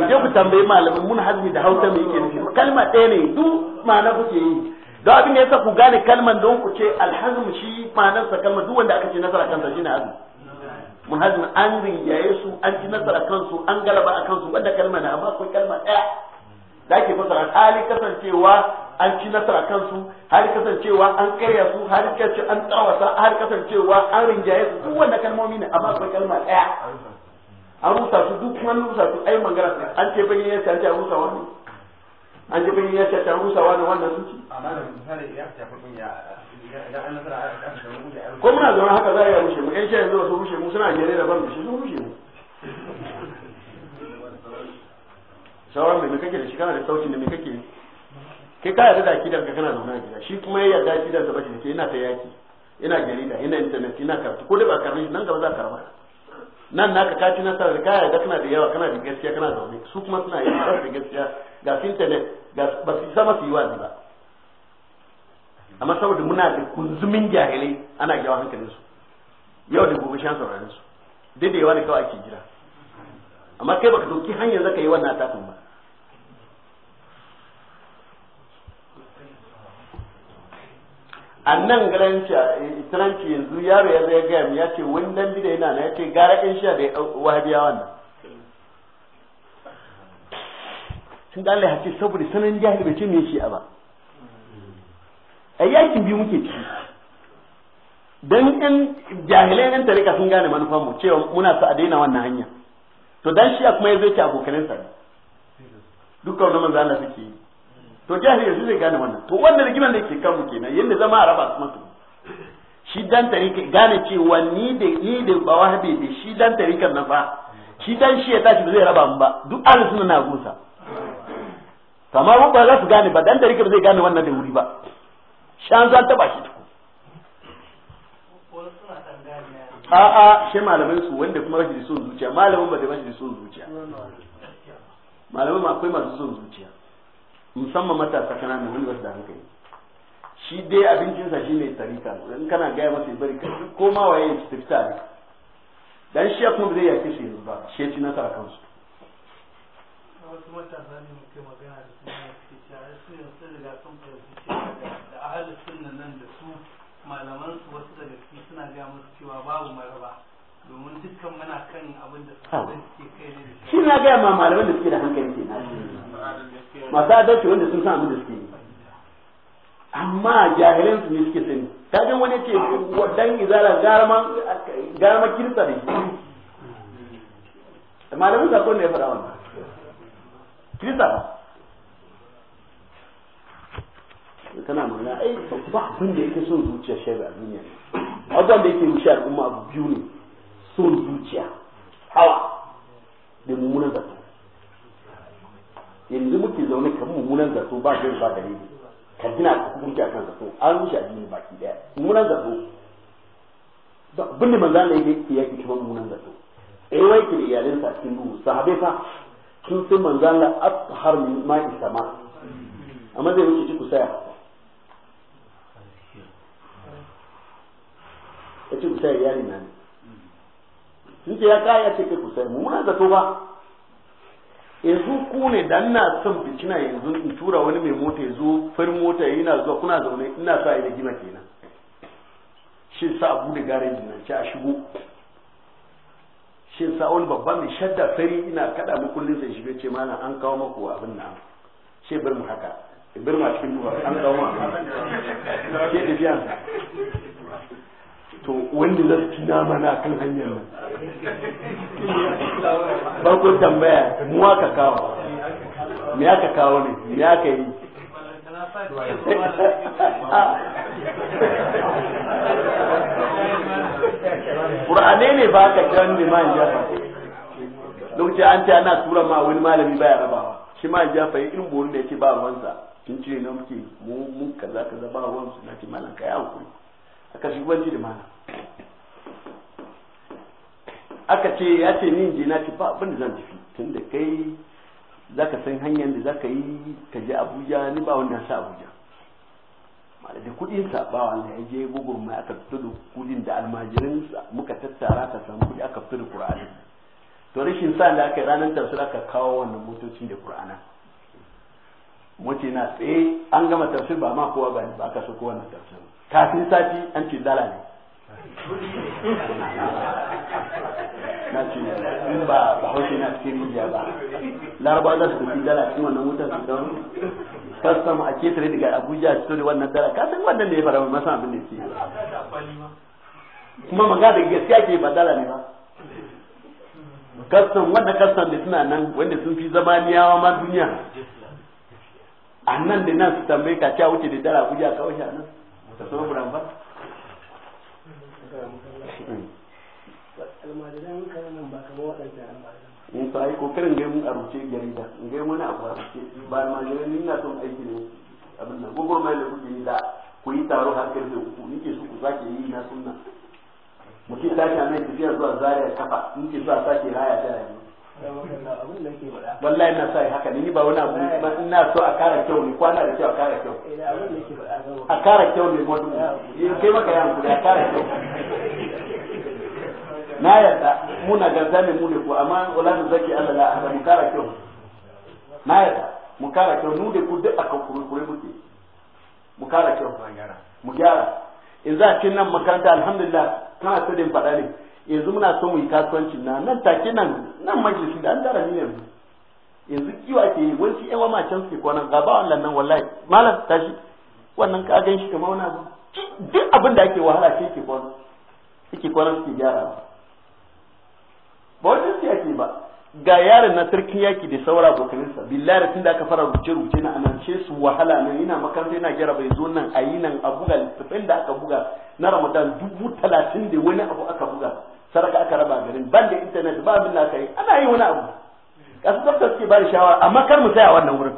ku je ku tambayi malamin mun hazmi da hausa mai yake nufi kalma ɗaya ne duk ma'ana kuke yi don abin da yasa ku gane kalman don ku ce alhazm shi sa kalma duk wanda aka ce nasara kansa shi ne hazmi mun hazmi an rinjaye su an ci nasara kansu an galaba a kansu wanda kalma na amma akwai kalma ɗaya da ake fasara hali kasancewa an ci nasara kansu hali kasancewa an karya su hali kasancewa an tsawasa hali kasancewa an rinjaye su duk wanda kalmomi ne amma akwai kalma ɗaya an rusa su duk an rusa su ai magana an ce bayan ya ce an rusa wani an ce bayan ya an rusa wani wannan sun ci ko muna zaune haka za a yi rushe mu ƴan shi yanzu ba su rushe mu suna jere da ban rushe sun rushe mu sauran mai kake da shi kana da sautin da mai kake yi kai ka yarda da akidar ka kana zaune a gida shi kuma ya yarda akidar sa bace ina ta yaki ina jarida ina internet ina karatu ko da ba karbi nan gaba za ka karba nan naka ka ci nasarar ka da kana da yawa kana da gaskiya kana zaune su kuma suna yi da gaskiya ga internet ga ba su sama su yi wa ba amma saboda muna da kunzumin jahilai ana jawo hankalin su yau da gobe shan sauraron su yawa ne kawai ake jira amma kai baka dauki hanyar zaka yi wannan atakin ba a nan yanzu yaro ya zai gaya ya ce wani dan bida yana na ya ce gara in sha da wahabiyawan wannan. sun da Allah ya ce saboda sanan jahil bai ce me shi ba a yakin biyu muke ciki dan in jahilai nan tarika sun gane manufan mu cewa muna sa a daina wannan hanya to dan shi kuma ya zai ce abokanin sa dukkan wannan manzo Allah suke yi to jahili yanzu zai gane wannan to wannan rigiman da kan kanmu kenan yadda zama a raba to shi dan tarika gane cewa ni da ni da ba wahabi da shi dan tarikan na ba shi dan shi ya tashi ba zai raba mu ba duk ahlus suna na gusa kamar mu ba za su gane ba dan tarika ba zai gane wannan da wuri ba shan zan taba shi tuku a'a shi malamin su wanda kuma rashin son zuciya malamin ba da rashin son zuciya malamin ma akwai masu son zuciya musamman matasa kanana wani wasu da hankali shi dai abincinsa shi ne tarita in kana gaya masa bari ka ko ma waye ya tafi tare dan shi kuma zai yake shi yanzu ba shi ci nasara kansu wasu matasa ne muke magana da su ne suke cewa su ne sun riga sun fahimci da ahalin sunna nan da su malaman su wasu daga ciki suna gaya musu cewa babu maraba domin dukkan muna kan abin da suke kai ne shi na gaya ma malaman da suke da hankali ke na masu adalci wanda sun san abin da suke yi amma jahilin su ne suke sani ta wani ce wadan izara garama kirsa ne malamin sakon ne ya fara wannan kirsa ba kana magana ai ba abin da yake son zuciya shari'a a duniya abubuwan da yake rushe al'umma abu biyu ne son zuciya hawa da mummunan zato yanzu muke zaune kan mummunan zato ba gari ba gari ka gina a kan zato an rushe addini baki daya mummunan zato bin da manzo Allah yake yake kuma mummunan zato eh wai ke iyalin sa cikin duhu sahabe fa sun san manzo Allah athhar min ma'i sama amma zai wuce ku saya ya ce ku saya iyali na ne sun ce ya kaya ce kai ku saya mummunan zato ba yanzu ku ne da ina son bikina yanzu in tura wani mai mota yanzu farin mota yana zuwa kuna zaune ina sa da gina kenan shi sa abu da gareji nan ci a shigo shi sa wani babban mai shadda fari ina kada mu kullun sai shiga ce mana an kawo maku abin nan shi bar mu haka bar mu cikin duwa an kawo mu abin da biyan to wanda za su ci nama na kan hanyar Ba farko tambaya mu aka kawo me aka kawo ne me aka yi Kur'ane ne ba ka kiran ne man jafa lokacin an ce ana tura ma wani malami baya rabawa shi man jafa ya irin borin da yake ba wansa kin ce na muke mu kaza kaza ba wansa na ce malam ka yi hankuri aka shugabanci da mana aka ce ya ce ni je na ci ba abin da zan tafi tun da kai za ka san hanyar da za ka yi ka je abuja ni ba wanda sa abuja ma'ana da kudin sa ba wanda ya je gugun mai aka fito da kudin da almajirin muka tattara ka samu kudi aka fito da qur'ani to rashin sa da aka yi ranar tafsir aka kawo wannan motocin da qur'ana mace na tsaye an gama tafsir ba ma kowa ba aka so kowa na tafsir kafin sati an ce dala ne na ce in ba bahaushe na cikin rijiya ba laraba za su kusi dala cikin wannan wutar su don kastam a ketare daga abuja su tori wannan dala ka san wannan ne ya fara masan abin da ke kuma manga da gaskiya ke ba dala ne ba kasan wannan kasan da suna nan wanda sun fi niyawa ma duniya a nan da nan su tambaye ka wuce da dala abuja wuce a nan da program ba almajiran kanan ba kamar waɗancan in sa ai kokarin ga mun a rubuce jarida in ga wani abu a rubuce ba almajiran ni na son aiki ne abin nan gogo mai da kuke yi da ku yi taro har karfe uku nike su ku sake yi na sunna mutum tashi a mai tafiya zuwa zaria kafa nike su a sake raya ta wallahi na sai haka ni ba wani abu ba ina so a kara kyau ne kwana da kyau a kara kyau a kara kyau ne in kai maka yan kudi a kara kyau na yarda muna gaza ne mu ne ko amma wala da zaki Allah la hada mu kara kyau na yarda mu kara kyau nu da ku duk aka kurkure muke mu kara kyau mu gyara in za a nan makaranta alhamdulillah kana sadin faɗa ne yanzu muna son mu yi kasuwancin na nan take nan nan majalisi da an tara ni yanzu yanzu kiwa ke yi wani yawa ma can suke kwanan gaba wannan nan wallahi malam tashi wannan ka gan shi kamar wani abu duk abin da ake wahala ce ke kwanan suke kwanan suke gyara ba wajen siya ke ba ga yaron na sarkin yaki da saura abokaninsa billahi tun da aka fara rubuce rubuce na anance su wahala nan ina makaranta ina gyara bai zo nan a yi nan a buga littattafan da aka buga na ramadan dubu talatin da wani abu aka buga Saraka aka raba garin ban da internet ba abin da aka yi ana yi wani abu kasu dokta suke ba da shawara amma kar mu tsaya wannan wurin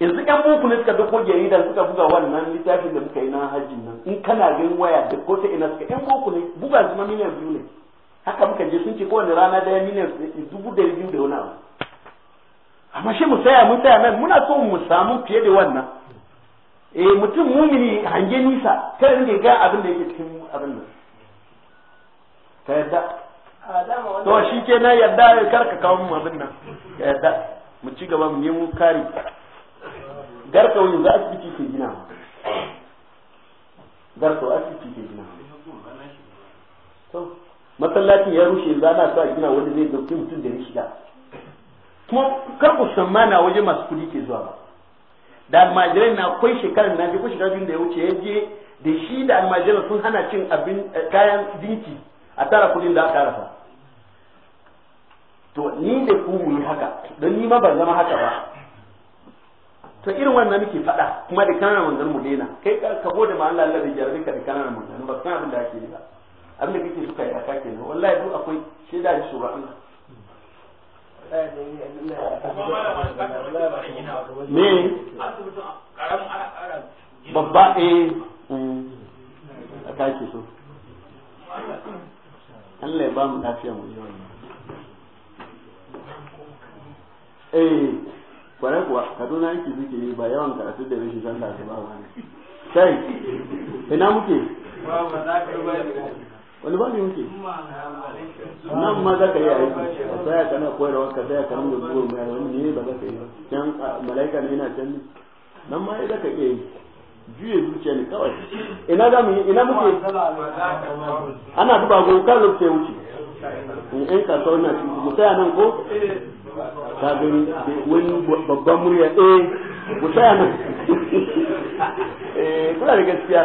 yanzu ƴan buku ne suka dako jarida suka buga wannan littafin da muka yi na hajji nan in kana ganin waya da ko ta ina suka yan buku ne buga su ma miliyan biyu ne haka muka je sun ce kowane rana daya miliyan dubu da biyu da wani abu amma shi mu tsaya mu tsaya nan muna so mu samu fiye da wannan eh mutum mumini hange nisa kar ne ga abin da yake cikin abin nan ka yadda to shi ke na yadda ya karka kawo mu abin nan ka yadda mu ci gaba mu nemo kari garka wani za asibiti ke gina garka asibiti ke gina to masallacin ya rushe za na so a gina wani zai dauki mutum da ya shiga kuma kar ku sammana waje masu kudi ke zuwa ba da almajirai na kwai shekarar na je ko shekarar da ya wuce ya je da shi da almajirai sun hana cin abin eh, kayan dinki a tara kudin da aka rasa to ni da ku mu haka don ni ma ban zama haka ba to irin wannan nake faɗa kuma da kana manzon mu dena kai ka gode da Allah Allah da jarabi ka da kana manzon ba kana abin da ake yi ba abin da kake so kai aka ke ne wallahi duk akwai shaida ji sura Allah me babba eh mm. a kake so Allah ya ba mu lafiya mu yawan eh kware kuwa kaduna yake suke yi ba yawan karatu da rashin san da su ba wani sai ina muke wani ba ne muke nan ma za ka yi aiki a tsaya kana koyarwa ka tsaya kana da zuwa mai wani ne ba za ka yi ba can malaika ne yana can nan ma ya za ka iya yi juye zuciya ne kawai ina za mu ina muke ana duba go kan lokaci wuce in ɗan kasuwa na ci mu tsaya nan ko ka gani wani babban murya eh mu nan [laughs] eh kuna da gaskiya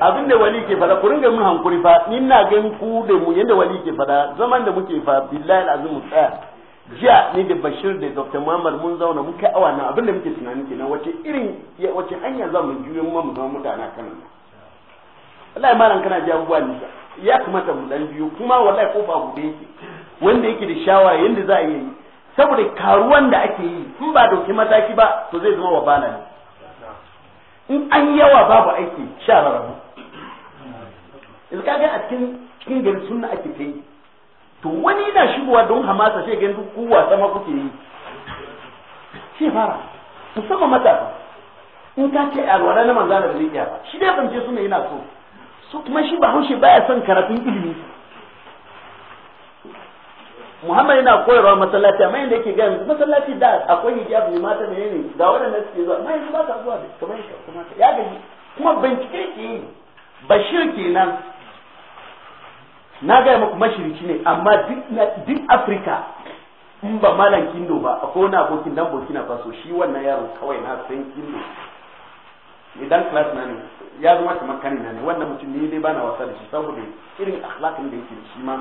abin da wali ke fada ku ringa mun hankuri fa ni na ganin ku da mu yanda wali ke fada zaman da muke fa billahi alazim mu tsaya jiya ni da bashir da dr muhammad mun zauna mun kai awa na abin da muke tunanin na wace irin wace hanya za mu juyo mu mu zama mutane a nan wallahi malam kana ji abubuwa nisa ya kamata mu dan biyo kuma wallahi kofa bude yake wanda yake da shawara yanda za a yi saboda karuwan da ake yi in ba dauki mataki ba to zai zama wabala ne in an yawa babu aiki sha rarrabu ka ga a cikin cikin sunna ake kai. to wani na shigowa don hamasa sai gani duk kuwa sama kuke yi shi fara musamman matasa in ka ce alwala na manzana da zai iya ba shi dai bance suna yana so su kuma shi ba haushe baya son karatun ilimi Muhammad yana koyarwa masallaci amma yadda yake gani masallaci da akwai hijab ne mata ne ne ga waɗanda suke zuwa amma yanzu ba ta zuwa da kamar ya gani. kuma bincike ke yi bashir kenan na gaya muku mashiriki ne amma duk afirka in ba malam kindo ba akwai wani abokin dan burkina faso shi wannan yaro kawai na san kindo idan class na ne ya zama kamar kani na ne wannan mutum ne dai bana wasa da shi saboda irin akhlaqin da yake da shi ma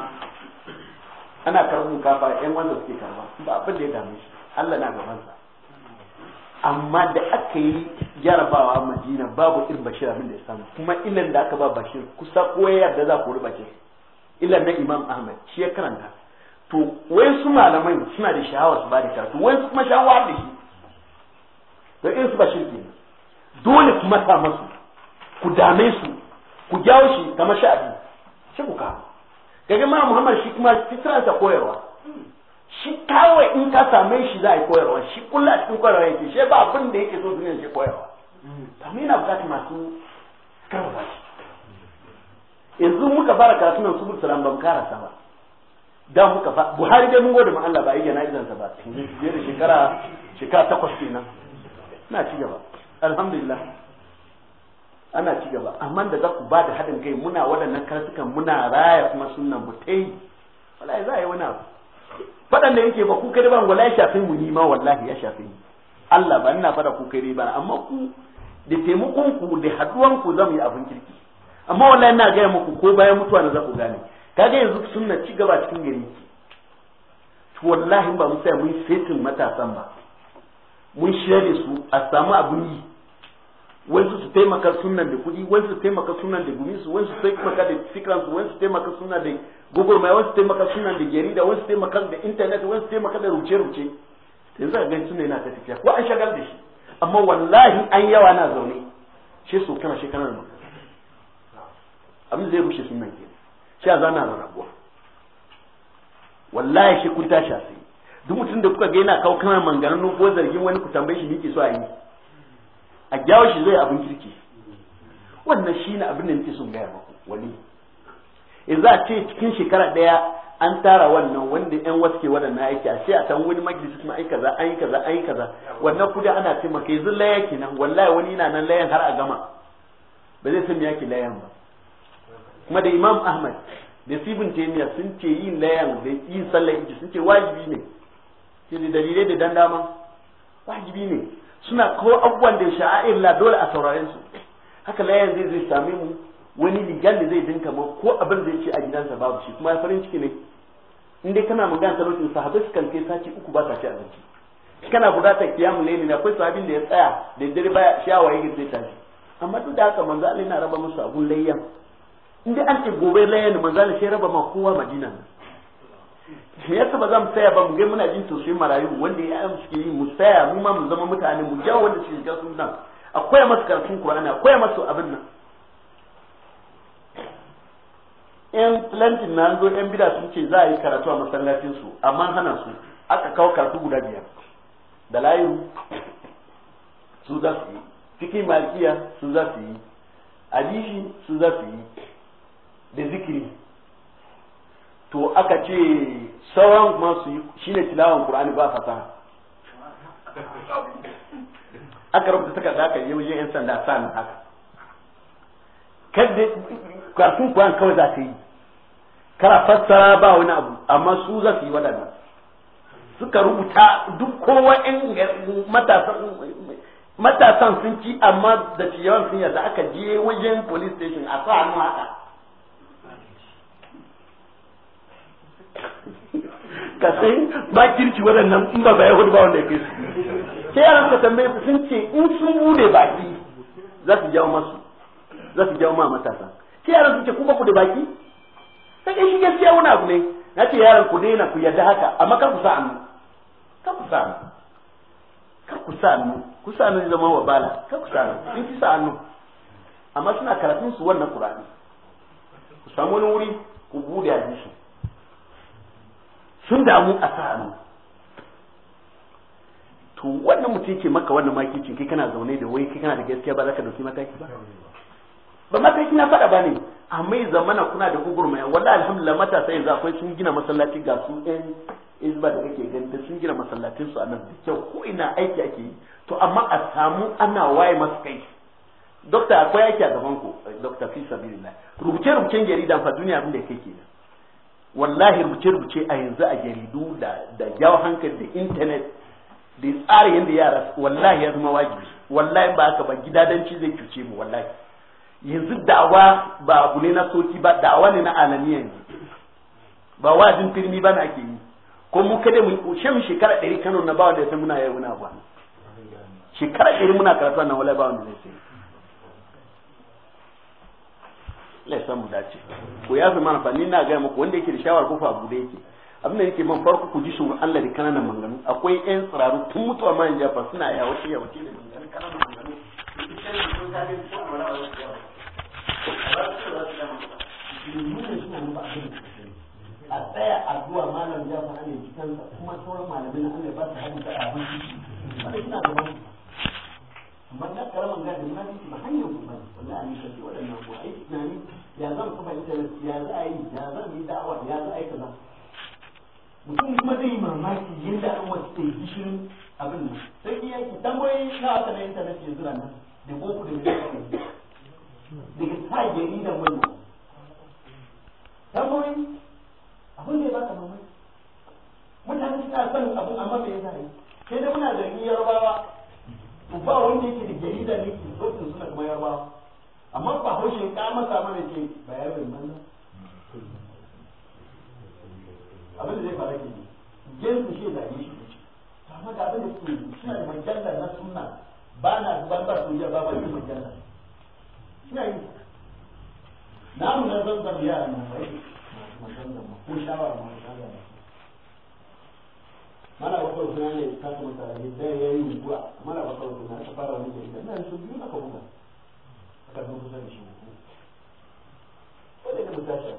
ana karbu kafa yan wanda suke karba ba abin da ya dame shi Allah na gaban sa amma da aka yi jarabawa Madina babu irin Bashir abin da ya samu kuma ilan da aka ba Bashir kusa koyar da za ku rubace illa na imam ahmad shi ya karanta to wai su malamai suna da sha'awar su ba da karatu wai su kuma sha'awar da shi to in su ba shi ne dole ku mata masu ku dame su ku jawo shi kamar sha'adi shi ku kawo ma muhammad shi kuma ta koyarwa shi kawai in ka same shi za a yi koyarwa shi kullu a cikin koyarwa yake shi ba abin da yake so duniyar shi koyarwa to mm. me yana masu karfafa shi yanzu muka fara karatu nan subul salam ban karasa ba da muka fa Buhari dai mun gode mu Allah ba yi jana'izan sa ba fiye da shekara shekara takwas kenan Ina ci gaba alhamdulillah ana ci gaba amma da za ku ba da haɗin kai muna waɗannan karatukan muna raya kuma sunan mu ta yi wallahi za a yi wani abu faɗan da yake ba ku kai ban wallahi shafin mu ni ma wallahi ya shafi ni Allah ba ina faɗa ku kai ba amma ku da taimakon ku da haɗuwan ku zamu yi abin kirki amma wallahi ina gaya muku ko bayan mutuwa na za ku gane kaga yanzu sunna ci gaba cikin gari to wallahi ba mu sai mun fetin matasan ba mun shirya su a samu abun yi wai su su taimaka sunnan da kuɗi wai su taimaka sunnan da gumi su wai su taimaka da fikran su wai su taimaka sunnan da google mai wai su taimaka sunnan da jarida wai su taimaka da internet wai su taimaka da rubuce rubuce yanzu a gani suna yana ta tafiya ko an shagal da shi amma wallahi an yawa na zaune shi su kana shekarar magana abin zai rushe sunan ke shi a zana rabuwa wallahi shi kun tashi a sai duk mutum da kuka ga yana kawo kana manganin ko zargin wani ku tambaye shi yake so a yi a gyawo shi zai abin kirki wannan shi ne abin da nake son gaya maku wani in za a ce cikin shekara daya an tara wannan wanda yan wasu ke waɗannan aiki a ce a san wani majalis kuma aika kaza aika kaza aika kaza wannan kudi ana taimaka yanzu laya kenan wallahi wani yana nan layan har a gama ba zai san me yake layan ba kuma da imam ahmad da sibin taimiya sun ce yin layan da yin sallar iji sun ce wajibi ne ke da dalilai da dan dama wajibi ne suna ko abubuwan da sha'a'ir la dole a sauraren su haka layan zai zai same mu wani ligan da zai dinka ma ko abin zai ce a gidansa babu shi kuma farin ciki ne in dai kana magana talaucin sahabai su kan kai sati uku ba sa ci abinci kana bukatar kiyamu ne na akwai sahabin da ya tsaya da dare baya shawaye zai tashi amma duk da haka manzo Allah yana raba musu abun layyan inda an ce gobe layan ne manzala sai raba ma kowa madina shi yasa ba zan tsaya ba mu ga muna jin tausayin marayu wanda ya yi suke yi mu tsaya mu ma mu zama mutane mu jawo wanda suke shiga sun nan akwai masu karfin Qur'ani akwai masu abin nan in plantin na zo yan bida sun ce za a yi karatu a masallacin su amma hana su aka kawo karatu guda biyar da layu su za su yi cikin malkiya su za su yi adishi su za su yi da zikiri to aka ce sauran kuma su yi tilawan kur'ani ba fasa aka rubuta da aka yi wajen yan sanda sa nan haka kadda karatun qur'an kawai za ta yi kara fassara ba wani abu amma su za su yi wadanda suka rubuta duk kowa matasan sun ci amma da ciyawar sun yarda aka je wajen police station a sa hannu haka ka sai ba kirki waɗannan in ba bai hudu ba wanda ya fi su sai yaran ka tambaye su sun ce in sun bude baki za su jawo masu za su jawo ma matasa sai yaran su ce ku ba ku da baki sai in shi gaskiya wani abu ne na ce yaran ku daina ku yadda haka amma kar ku sa annu kar ku sa annu kar ku sa annu ku sa annu zama wa bala kar ku sa annu in ki sa annu amma suna karatun su wannan qur'ani ku samu wani wuri ku bude a jisu. sun damu a sa'anu to wannan mutum ke maka wannan makicin kai kana zaune da wai kai kana da gaskiya ba za ka dauki mataki ba ba mataki na faɗa ba ne amma zamana kuna da gugurmaya wala alhamdulillah matasa yanzu akwai sun gina masallaci ga su ɗan izba da kake gani da sun gina masallacin su a nan da kyau ko ina aiki ake yi to amma a samu ana waye masu kai dokta akwai aiki a gaban ku dokta fi sabilillah rubuce rubucen jarida fa duniya abin da kake kenan wallahi rubuce-rubuce a yanzu a jaridu da jawo hankali da intanet da tsara yadda yara wallahi ya zama wajibi wallahi ba haka ba gidadanci zai cuce mu wallahi yanzu da'awa ba abu ne na soti ba da'awa ne na alamiya ne ba wajin firmi ba na ake yi ko mu kada mu shan shekara ɗari kano na bawa da ya san muna yau muna ba shekara ɗari muna karatu na wallahi ba wanda zai sai Allah ya samu dace ko ya zama amfani na ga muku wanda yake da shawar kofa abu da yake abin da yake man farko ku ji shugaban Allah da kananan manganu akwai yan tsararu tun mutuwa ma yanzu fa suna ya wace ya wace da a tsaya addu'a malam ya fa ne cikin kuma sauran malamin Allah ya ba su hadin da abin wannan ina da wani amma da karaman gadi ma ba hanyar ku ba wallahi an shafi wadannan ko ai tunani ya zan kuma internet ya za a yi ya zan yi da'awa ya za a yi kaza mutum kuma zai yi mamaki yadda an wasu ta yi gishirin abin nan sai ki ki tambayoyi na wata na internet zura nan da boko da mutane daga sa gari da wani tambayoyi abin da ya baka mamaki mutane suna son abin amma bai yasa yi sai dai muna zargi yarbawa ba wanda yake da jarida ne ke zo suna kuma yarbawa amma ba haushe ka masa mana ke bayanin banza abin da zai fara ke ne su shi da yi shi amma da abin da suna da majalla na sunna ba na ban ba su ba ba su majalla suna yi na mu zan zan yara na wai ko shawara ma shawara ma mana bakar suna ne ta kuma tare da yayin mana bakar suna ta fara wani da ita na su biyu na karfin kusa da shi ko da mu tashi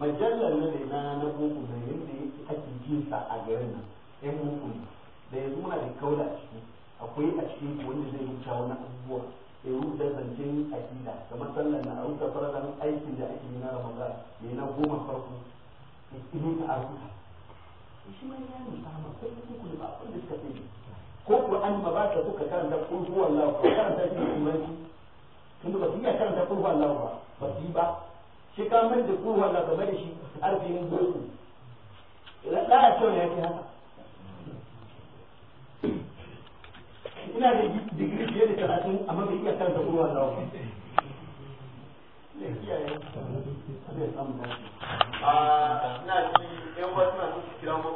majallar na ne na na boko da yadda ake jin sa a garin nan yan boko da ya muna da kaula a ciki akwai a ciki wanda zai wuce wani abubuwa ya rubuta zancen akida kamar sallar na rubuta farashin aikin da ake yi na ramadan da na goma farko ne a rubuta shi ma ya nufa ma kai kuku da ba abin da suka fi ko kuwa an ma ba ka suka karanta ko zuwa lafiya karanta shi ne tunda ba su iya karanta kurhu Allah ba ba su yi ba shi ka mai da kurhu Allah game da shi arzikin gurgu ɗaya kyau ne ya ke haka ina da digiri fiye da talatin amma bai iya karanta kurhu Allah ba ah, ina ji yan wasu na su kira